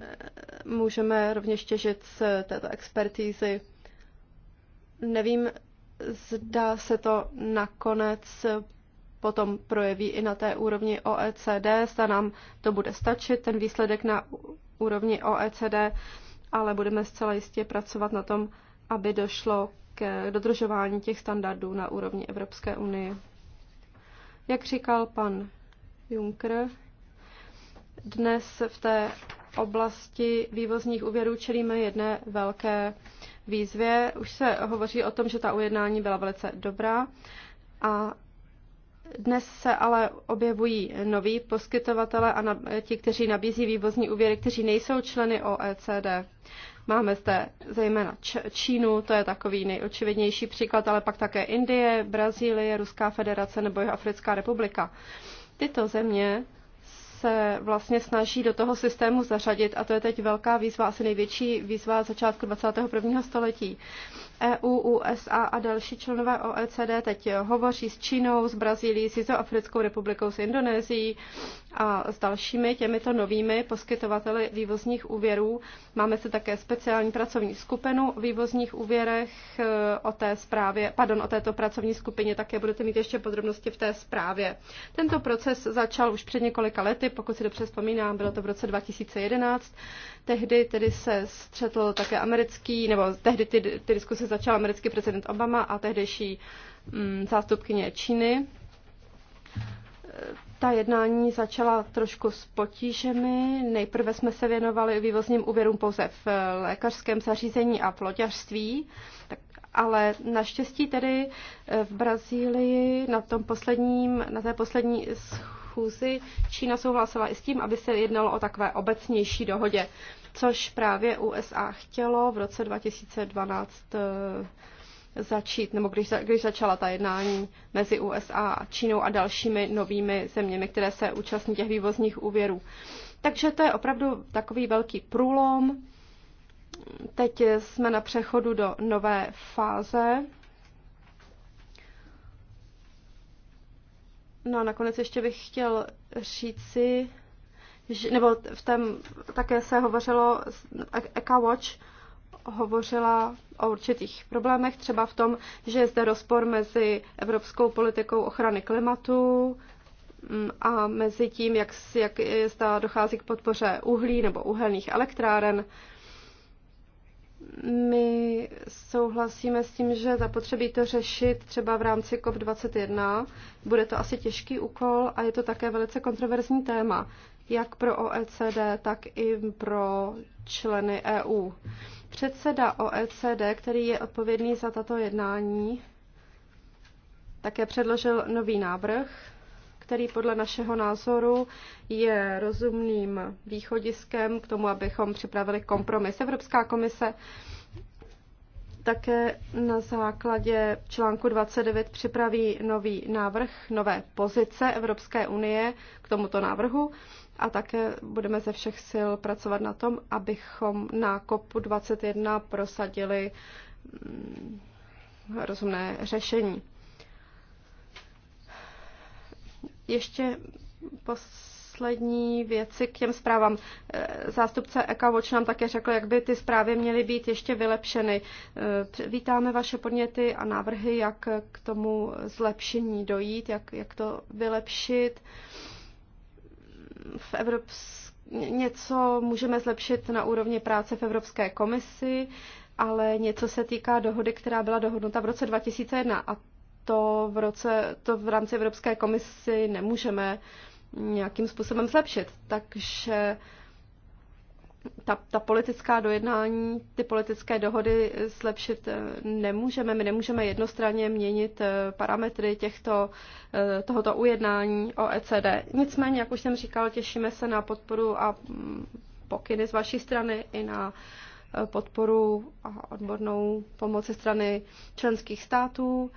eh, můžeme rovněž těžit z této expertízy. Nevím, zda se to nakonec potom projeví i na té úrovni OECD, zda nám to bude stačit, ten výsledek na úrovni OECD, ale budeme zcela jistě pracovat na tom, aby došlo k dodržování těch standardů na úrovni Evropské unie. Jak říkal pan Juncker, dnes v té oblasti vývozních úvěrů čelíme jedné velké výzvě. Už se hovoří o tom, že ta ujednání byla velice dobrá a dnes se ale objevují noví poskytovatele a ti, kteří nabízí vývozní úvěry, kteří nejsou členy OECD. Máme zde zejména Čínu, to je takový nejočividnější příklad, ale pak také Indie, Brazílie, Ruská federace nebo Africká republika. Tyto země se vlastně snaží do toho systému zařadit a to je teď velká výzva, asi největší výzva začátku 21. století. EU, USA a další členové OECD teď hovoří s Čínou, s Brazílií, s Jizoafrickou republikou, s Indonésií a s dalšími těmito novými poskytovateli vývozních úvěrů. Máme se také speciální pracovní skupinu o vývozních úvěrech. E, o té zprávě, pardon, o této pracovní skupině také budete mít ještě podrobnosti v té zprávě. Tento proces začal už před několika lety, pokud si dobře vzpomínám, bylo to v roce 2011. Tehdy tedy se střetl také americký, nebo tehdy ty, ty diskuse začal americký prezident Obama a tehdejší mm, zástupkyně Číny. Ta jednání začala trošku s potížemi. Nejprve jsme se věnovali vývozním úvěrům pouze v lékařském zařízení a v loďařství, tak, ale naštěstí tedy v Brazílii na, tom posledním, na té poslední schůzi schůzi Čína souhlasila i s tím, aby se jednalo o takové obecnější dohodě, což právě USA chtělo v roce 2012 eh, začít, nebo když, když začala ta jednání mezi USA a Čínou a dalšími novými zeměmi, které se účastní těch vývozních úvěrů. Takže to je opravdu takový velký průlom. Teď jsme na přechodu do nové fáze No a nakonec ještě bych chtěl říci, že, nebo v tém také se hovořilo, Eka Watch hovořila o určitých problémech, třeba v tom, že je zde rozpor mezi evropskou politikou ochrany klimatu mm, a mezi tím, jak, jak zda dochází k podpoře uhlí nebo uhelných elektráren. My souhlasíme s tím, že zapotřebí to řešit třeba v rámci COP21. Bude to asi těžký úkol a je to také velice kontroverzní téma, jak pro OECD, tak i pro členy EU. Předseda OECD, který je odpovědný za tato jednání, také předložil nový návrh který podle našeho názoru je rozumným východiskem k tomu, abychom připravili kompromis. Evropská komise také na základě článku 29 připraví nový návrh, nové pozice Evropské unie k tomuto návrhu a také budeme ze všech sil pracovat na tom, abychom na COP21 prosadili mm, rozumné řešení. Ještě poslední věci k těm zprávám. Eh, zástupce e Watch nám také řekl, jak by ty zprávy měly být ještě vylepšeny. Eh, vítáme vaše podněty a návrhy, jak k tomu zlepšení dojít, jak, jak to vylepšit. V Evropské něco můžeme zlepšit na úrovni práce v Evropské komisi, ale něco se týká dohody, která byla dohodnuta v roce 2001 a to v, roce, to v rámci Evropské komisy nemůžeme nějakým způsobem zlepšit. Takže ta, ta politická dojednání, ty politické dohody zlepšit eh, nemůžeme. My nemůžeme jednostranně měnit eh, parametry těchto, eh, tohoto ujednání OECD. Nicméně, jak už jsem říkal, těšíme se na podporu a mm, pokyny z vaší strany i na podporu a odbornou pomoc strany členských států.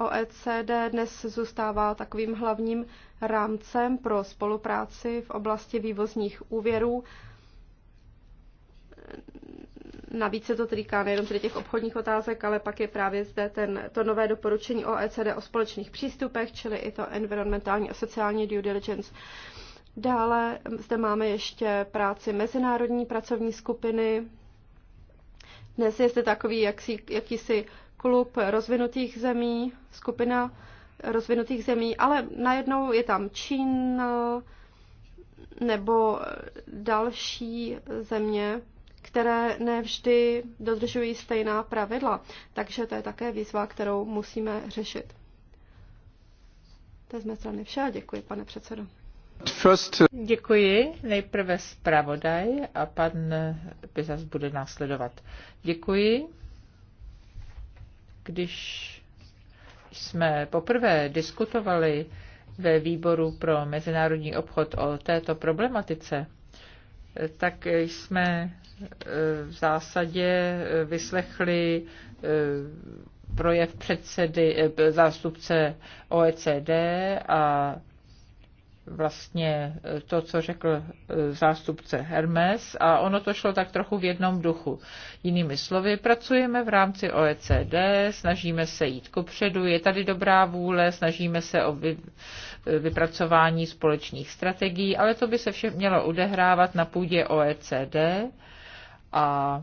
OECD dnes zůstává takovým hlavním rámcem pro spolupráci v oblasti vývozních úvěrů. Navíc se to týká nejenom tedy těch obchodních otázek, ale pak je právě zde ten, to nové doporučení OECD o společných přístupech, čili i to environmentální a sociální due diligence. Dále zde máme ještě práci mezinárodní pracovní skupiny. Dnes je zde takový jaksi, jakýsi klub rozvinutých zemí, skupina rozvinutých zemí, ale najednou je tam Čín nebo další země, které nevždy dodržují stejná pravidla. Takže to je také výzva, kterou musíme řešit. To je z mé strany vše děkuji, pane předsedo. First... Děkuji. Nejprve zpravodaj a pan zase bude následovat. Děkuji. Když jsme poprvé diskutovali ve výboru pro mezinárodní obchod o této problematice, tak jsme eh, v zásadě eh, vyslechli eh, projev předsedy, zástupce OECD a vlastně eh, to, co řekl eh, zástupce Hermes a ono to šlo tak trochu v jednom duchu. Jinými slovy, pracujeme v rámci OECD, snažíme se jít kopředu, je tady dobrá vůle, snažíme se o eh, vypracování společných strategií, ale to by se vše mělo odehrávat na půdě OECD a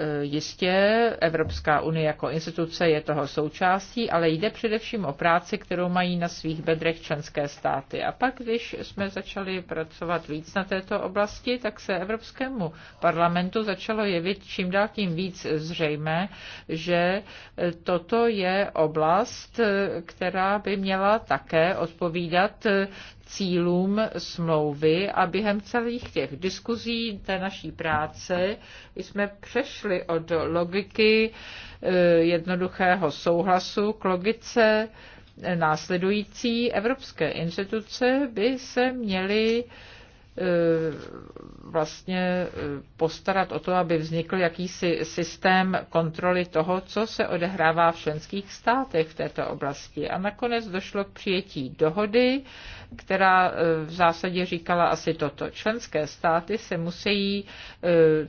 Eh, jistě Evropská unie jako instituce je toho součástí, ale jde především o práci, kterou mají na svých bedrech členské státy. A pak, když jsme začali pracovat víc na této oblasti, tak se Evropskému parlamentu začalo jevit čím dál tím víc zřejmé, že eh, toto je oblast, eh, která by měla také odpovídat cílům smlouvy a během celých těch diskuzí té naší práce jsme přešli od logiky eh, jednoduchého souhlasu k logice následující. Evropské instituce by se měly Eh, vlastně eh, postarat o to, aby vznikl jakýsi systém kontroly toho, co se odehrává v členských státech v této oblasti. A nakonec došlo k přijetí dohody, která eh, v zásadě říkala asi toto. Členské státy se musí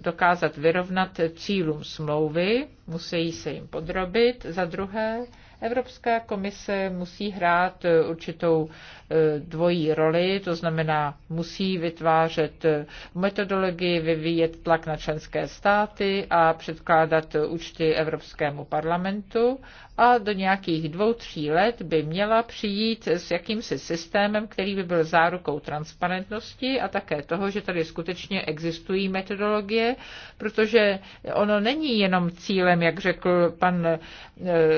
dokázat vyrovnat cílům smlouvy, musí se jim podrobit. Za druhé, Evropská komise musí hrát eh, určitou eh, dvojí roli, to znamená musí vytvářet eh, metodologii, vyvíjet tlak na členské státy a předkládat účty Evropskému parlamentu a do nějakých dvou, tří let by měla přijít s jakýmsi systémem, který by byl zárukou transparentnosti a také toho, že tady skutečně existují metodologie, protože ono není jenom cílem, jak řekl pan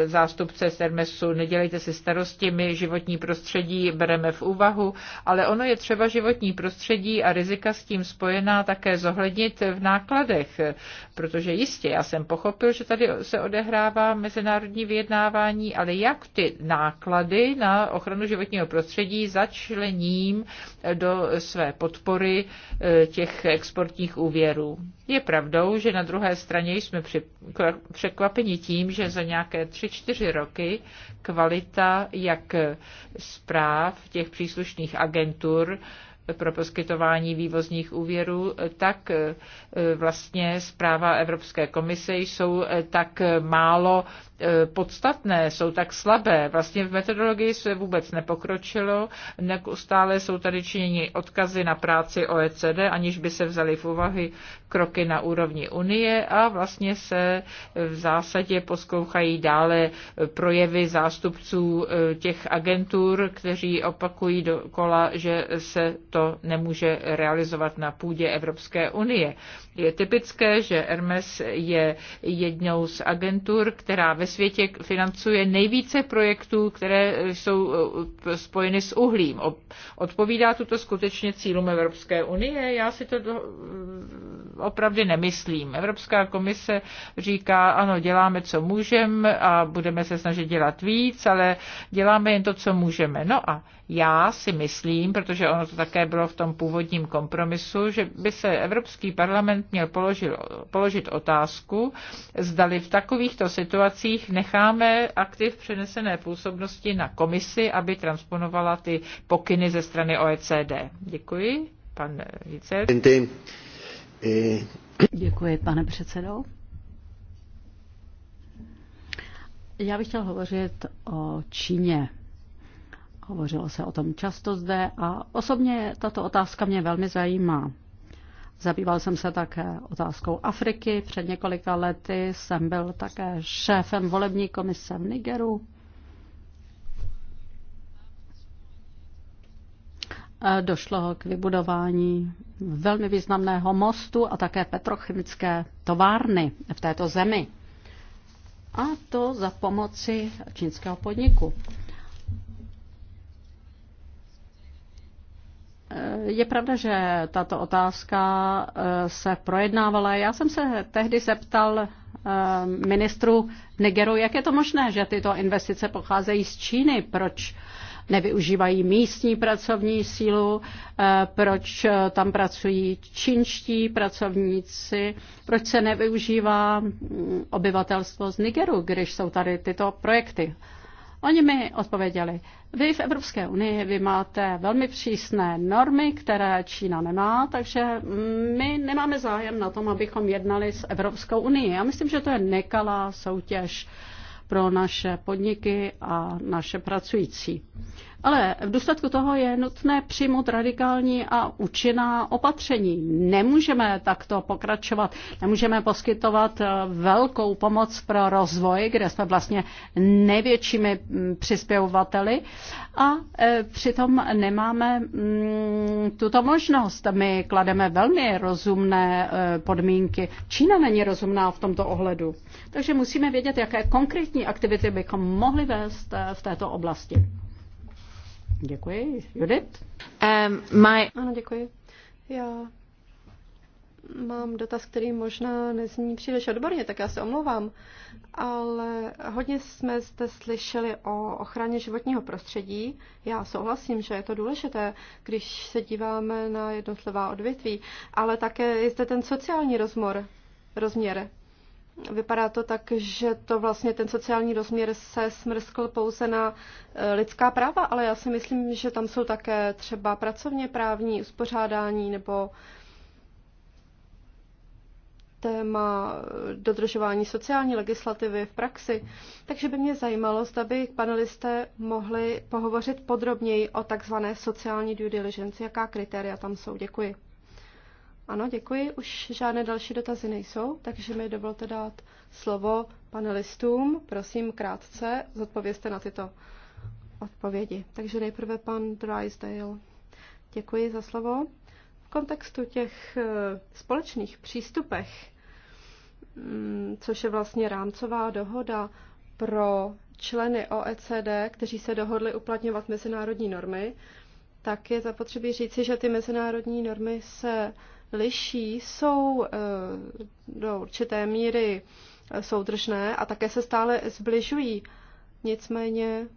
zástupce kolegové z Hermesu, nedělejte si starosti, my životní prostředí bereme v úvahu, ale ono je třeba životní prostředí a rizika s tím spojená také zohlednit v nákladech, protože jistě, já jsem pochopil, že tady se odehrává mezinárodní vyjednávání, ale jak ty náklady na ochranu životního prostředí začlením do své podpory eh, těch exportních úvěrů. Je pravdou, že na druhé straně jsme překvapeni tím, že za nějaké 3-4 roky roky kvalita jak zpráv těch příslušných agentur, pro poskytování vývozních úvěrů, tak eh, vlastně zpráva Evropské komise jsou eh, tak málo eh, podstatné, jsou tak slabé. Vlastně v metodologii se vůbec nepokročilo, neustále jsou tady činěni odkazy na práci OECD, aniž by se vzali v úvahy kroky na úrovni Unie a vlastně se v zásadě poskouchají dále projevy zástupců e, těch agentur, kteří opakují dokola, že se to nemůže realizovat na půdě Evropské unie. Je typické, že Hermes je jednou z agentur, která ve světě financuje nejvíce projektů, které jsou e, spojeny s uhlím. Odpovídá tuto skutečně cílům Evropské unie? Já si to do opravdu nemyslím. Evropská komise říká, ano, děláme, co můžeme a budeme se snažit dělat víc, ale děláme jen to, co můžeme. No a já si myslím, protože ono to také bylo v tom původním kompromisu, že by se Evropský parlament měl položil, položit otázku, zdali v takovýchto situacích necháme aktiv přenesené působnosti na komisi, aby transponovala ty pokyny ze strany OECD. Děkuji. Pan Vícer. Děkuji, pane předsedo. Já bych chtěl hovořit o Číně. Hovořilo se o tom často zde a osobně tato otázka mě velmi zajímá. Zabýval jsem se také otázkou Afriky. Před několika lety jsem byl také šéfem volební komise v Nigeru. E, došlo k vybudování velmi významného mostu a také petrochemické továrny v této zemi. A to za pomoci čínského podniku. E, je pravda, že tato otázka e, se projednávala. Já jsem se tehdy zeptal ministru Nigeru, jak je to možné, že tyto investice pocházejí z Číny, proč nevyužívají místní pracovní sílu, eh, proč eh, tam pracují čínští pracovníci, proč se nevyužívá mm, obyvatelstvo z Nigeru, když jsou tady tyto projekty. Oni mi odpověděli, vy v Evropské unii vy máte velmi přísné normy, které Čína nemá, takže mm, my nemáme zájem na tom, abychom jednali s Evropskou unii. Já myslím, že to je nekalá soutěž pro naše podniky a naše pracující. Ale v důsledku toho je nutné přijmout radikální a účinná opatření. Nemůžeme takto pokračovat. Nemůžeme poskytovat eh, velkou pomoc pro rozvoj, kde jsme vlastně největšími mm, přispěvateli a eh, přitom nemáme mm, tuto možnost. My klademe velmi rozumné eh, podmínky. Čína není rozumná v tomto ohledu. Takže musíme vědět, jaké konkrétní aktivity bychom mohli vést v této oblasti. Děkuji. Judith? Um, my... Ano, děkuji. Já mám dotaz, který možná nezní příliš odborně, tak já se omlouvám, ale hodně jsme zde slyšeli o ochraně životního prostředí. Já souhlasím, že je to důležité, když se díváme na jednotlivá odvětví, ale také je zde ten sociální rozmor, rozměr. Vypadá to tak, že to vlastně ten sociální rozměr se smrskl pouze na e, lidská práva, ale já si myslím, že tam jsou také třeba pracovně právní uspořádání nebo téma dodržování sociální legislativy v praxi. Takže by mě zajímalo, zda by panelisté mohli pohovořit podrobněji o takzvané sociální due diligence, jaká kritéria tam jsou. Děkuji. Ano, děkuji. Už žádné další dotazy nejsou, takže mi dovolte dát slovo panelistům. Prosím, krátce zodpovězte na tyto odpovědi. Takže nejprve pan Drysdale. Děkuji za slovo. V kontextu těch eh, společných přístupech, mm, což je vlastně rámcová dohoda pro členy OECD, kteří se dohodli uplatňovat mezinárodní normy, tak je zapotřebí říci, že ty mezinárodní normy se liší, jsou eh, do určité míry eh, soudržné a také se stále zbližují. Nicméně,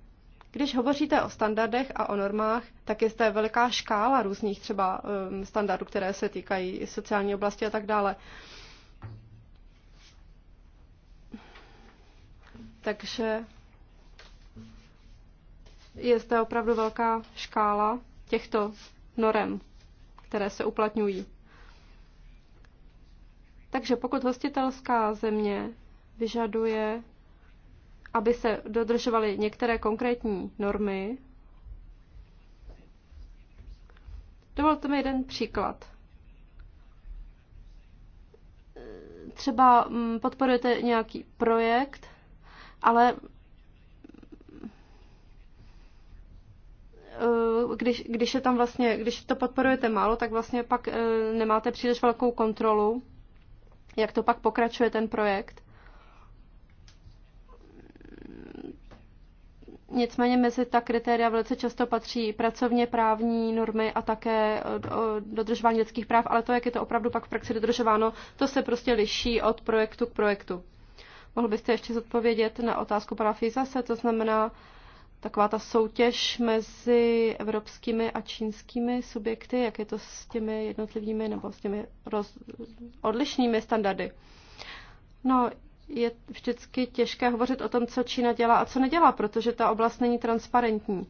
když hovoříte o standardech a o normách, tak je zde veliká škála různých třeba eh, standardů, které se týkají sociální oblasti a tak dále. Takže je zde opravdu velká škála těchto norem, které se uplatňují. Takže pokud hostitelská země vyžaduje, aby se dodržovaly některé konkrétní normy, dovolte mi jeden příklad. Třeba mm, podporujete nějaký projekt, ale eh, když, když je tam vlastně, když to podporujete málo, tak vlastně pak eh, nemáte příliš velkou kontrolu jak to pak pokračuje ten projekt. Nicméně mezi ta kritéria velice často patří pracovně právní normy a také eh, dodržování lidských práv, ale to, jak je to opravdu pak v praxi dodržováno, to se prostě liší od projektu k projektu. Mohl byste ještě zodpovědět na otázku pana Fizase, to znamená, taková ta soutěž mezi evropskými a čínskými subjekty, jak je to s těmi jednotlivými nebo s těmi roz, odlišnými standardy. No, je vždycky těžké hovořit o tom, co Čína dělá a co nedělá, protože ta oblast není transparentní.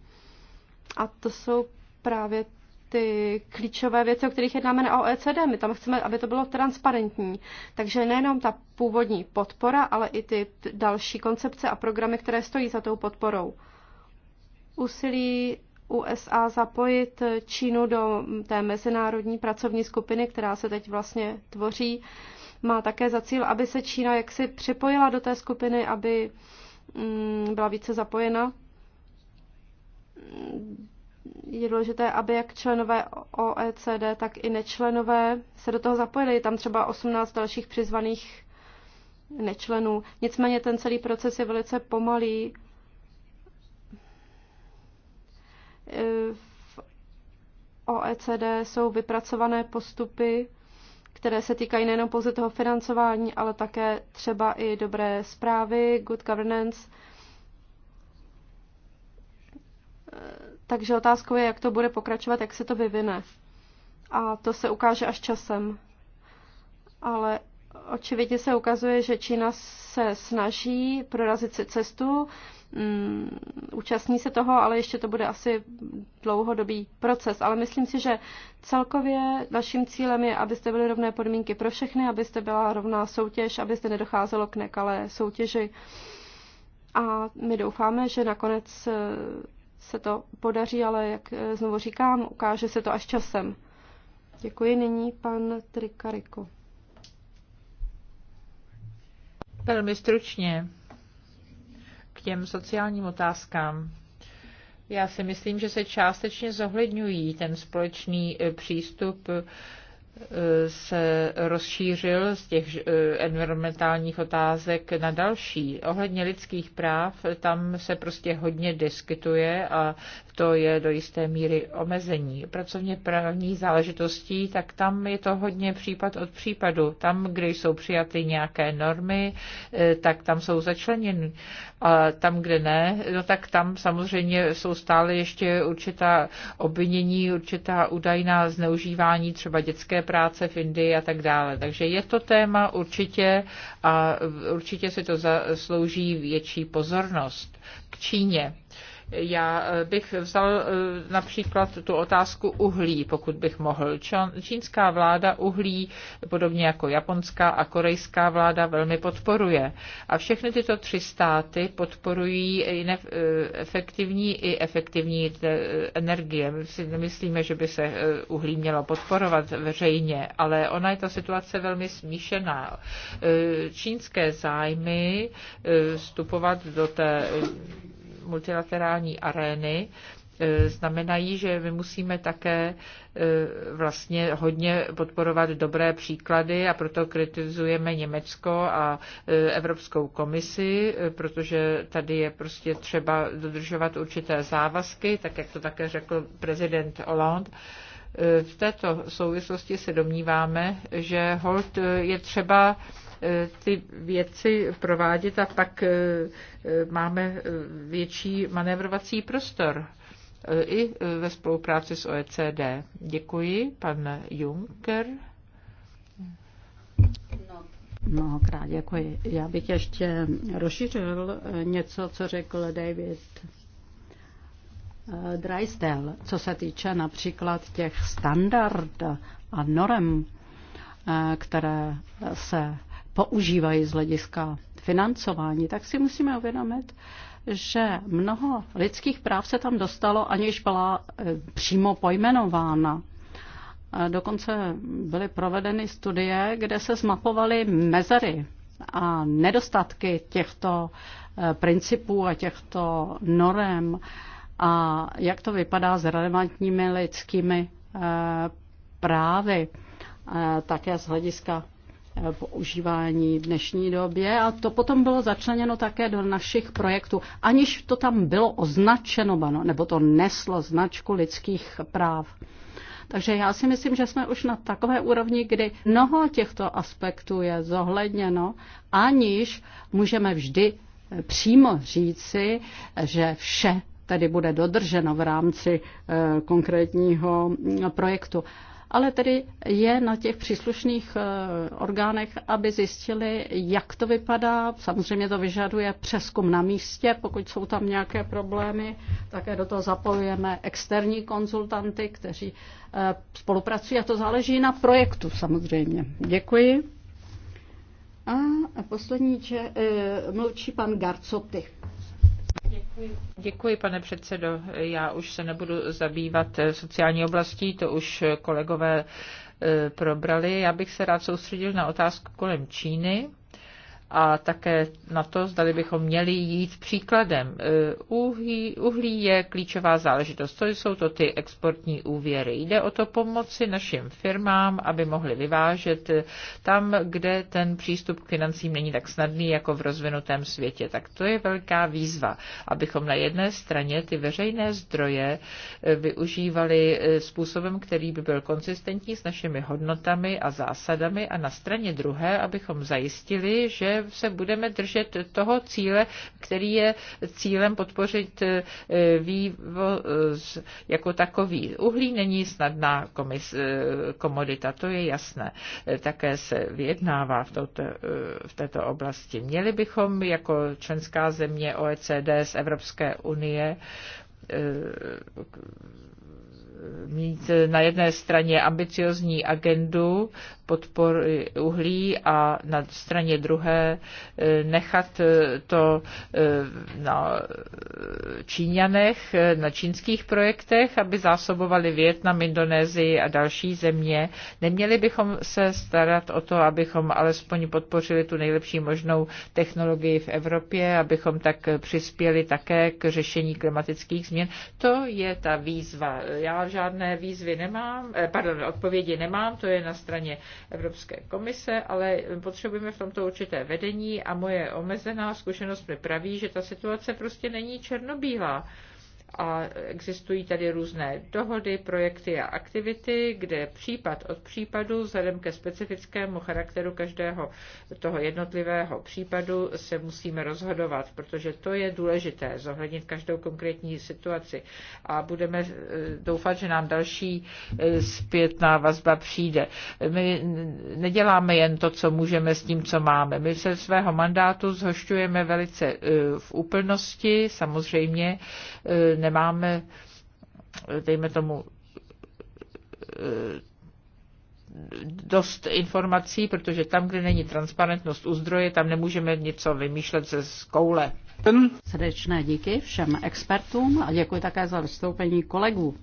A to jsou právě ty klíčové věci, o kterých jednáme na OECD. My tam chceme, aby to bylo transparentní. Takže nejenom ta původní podpora, ale i ty další koncepce a programy, které stojí za tou podporou úsilí USA zapojit Čínu do té mezinárodní pracovní skupiny, která se teď vlastně tvoří, má také za cíl, aby se Čína jaksi připojila do té skupiny, aby mm, byla více zapojena. Je důležité, aby jak členové OECD, tak i nečlenové se do toho zapojili. Je tam třeba 18 dalších přizvaných nečlenů. Nicméně ten celý proces je velice pomalý v OECD jsou vypracované postupy, které se týkají nejenom pouze toho financování, ale také třeba i dobré zprávy, good governance. Takže otázkou je, jak to bude pokračovat, jak se to vyvine. A to se ukáže až časem. Ale očividně se ukazuje, že Čína se snaží prorazit si cestu, mm, účastní se toho, ale ještě to bude asi dlouhodobý proces. Ale myslím si, že celkově naším cílem je, abyste byly rovné podmínky pro všechny, abyste byla rovná soutěž, abyste nedocházelo k nekalé soutěži. A my doufáme, že nakonec eh, se to podaří, ale jak eh, znovu říkám, ukáže se to až časem. Děkuji nyní pan Trikariko. Velmi stručně těm sociálním otázkám. Já si myslím, že se částečně zohledňují ten společný e, přístup se rozšířil z těch eh, environmentálních otázek na další. Ohledně lidských práv tam se prostě hodně diskutuje a to je do jisté míry omezení. Pracovně právní záležitostí, tak tam je to hodně případ od případu. Tam, kde jsou přijaty nějaké normy, eh, tak tam jsou začleněny. A tam, kde ne, no tak tam samozřejmě jsou stále ještě určitá obvinění, určitá údajná zneužívání třeba dětské práce v Indii a tak dále. Takže je to téma určitě a určitě si to zaslouží větší pozornost. K Číně. Já eh, bych vzal eh, například tu otázku uhlí, pokud bych mohl. Čínská vláda uhlí, podobně jako japonská a korejská vláda, velmi podporuje. A všechny tyto tři státy podporují eh, efektivní i efektivní energie. My si nemyslíme, že by se uhlí mělo podporovat veřejně, ale ona je ta situace velmi smíšená. Čínské zájmy vstupovat do té multilaterální arény, e, znamenají, že my musíme také e, vlastně hodně podporovat dobré příklady a proto kritizujeme Německo a e, Evropskou komisi, protože tady je prostě třeba dodržovat určité závazky, tak jak to také řekl prezident Hollande. V této souvislosti se domníváme, že hold je třeba Eh, ty věci provádět a pak eh, eh, máme větší manevrovací prostor i ve spolupráci s OECD. Děkuji, pan Juncker. Mnohokrát děkuji. Já bych ještě rozšířil něco, co řekl David Drysdale, co se týče například těch standard a norem, které se používají z hlediska financování, tak si musíme uvědomit, že mnoho lidských práv se tam dostalo, aniž byla e, přímo pojmenována. Dokonce byly provedeny studie, kde se zmapovaly mezery a nedostatky těchto e, principů a těchto norem a jak to vypadá s relevantními lidskými e, právy, také z hlediska Eh, používání v dnešní době a to potom bylo začleněno také do našich projektů, aniž to tam bylo označeno, nebo to neslo značku lidských práv. Takže já si myslím, že jsme už na takové úrovni, kdy mnoho těchto aspektů je zohledněno, aniž můžeme vždy eh, přímo říci, že vše tady bude dodrženo v rámci eh, konkrétního mm, projektu ale tedy je na těch příslušných eh, orgánech, aby zjistili, jak to vypadá. Samozřejmě to vyžaduje přeskum na místě, pokud jsou tam nějaké problémy. Také do toho zapojujeme externí konzultanty, kteří eh, spolupracují a to záleží na projektu samozřejmě. Děkuji. A poslední če, eh, mluvčí pan Garcoty. Děkuji. pane předsedo. Já už se nebudu zabývat eh, sociální oblastí, to už eh, kolegové eh, probrali. Já bych se rád soustředil na otázku kolem Číny a také na to, zdali bychom měli jít příkladem. E, uhlí, uhlí je klíčová záležitost, to jsou to ty exportní úvěry. Jde o to pomoci našim firmám, aby mohly vyvážet tam, kde ten přístup k financím není tak snadný jako v rozvinutém světě. Tak to je velká výzva, abychom na jedné straně ty veřejné zdroje e, využívali e, způsobem, který by byl konzistentní s našimi hodnotami a zásadami a na straně druhé, abychom zajistili, že se budeme držet toho cíle, který je cílem podpořit eh, vývoz jako takový. Uhlí není snadná komis, eh, komodita, to je jasné. Eh, také se vyjednává v, toto, v této oblasti. Měli bychom jako členská země OECD z Evropské unie mít na jedné straně ambiciozní agendu podpor uhlí a na straně druhé eh, nechat to eh, na Číňanech, eh, na čínských projektech, aby zásobovali Větnam, Indonésii a další země. Neměli bychom se starat o to, abychom alespoň podpořili tu nejlepší možnou technologii v Evropě, abychom tak přispěli také k řešení klimatických změn. To je ta výzva. Já žádné výzvy nemám, eh, pardon, odpovědi nemám, to je na straně Evropské komise, ale potřebujeme v tomto určité vedení a moje omezená zkušenost mi praví, že ta situace prostě není černobílá a existují tady různé dohody, projekty a aktivity, kde případ od případu, vzhledem ke specifickému charakteru každého toho jednotlivého případu, se musíme rozhodovat, protože to je důležité, zohlednit každou konkrétní situaci. A budeme eh, doufat, že nám další eh, zpětná vazba přijde. My neděláme jen to, co můžeme s tím, co máme. My se svého mandátu zhošťujeme velice eh, v úplnosti, samozřejmě nemáme, dejme tomu, dost informací, protože tam, kde není transparentnost u zdroje, tam nemůžeme něco vymýšlet ze koule. Srdečné díky všem expertům a děkuji také za vystoupení kolegů.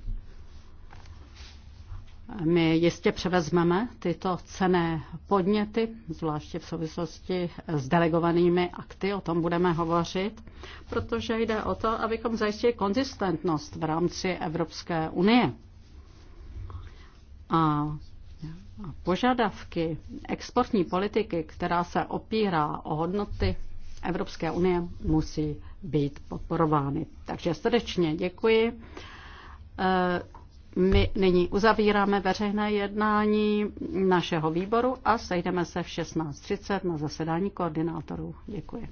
My jistě převezmeme tyto cené podněty, zvláště v souvislosti s delegovanými akty, o tom budeme hovořit, protože jde o to, abychom zajistili konzistentnost v rámci Evropské unie. A požadavky exportní politiky, která se opírá o hodnoty Evropské unie, musí být podporovány. Takže srdečně děkuji. My nyní uzavíráme veřejné jednání našeho výboru a sejdeme se v 16.30 na zasedání koordinátorů. Děkuji.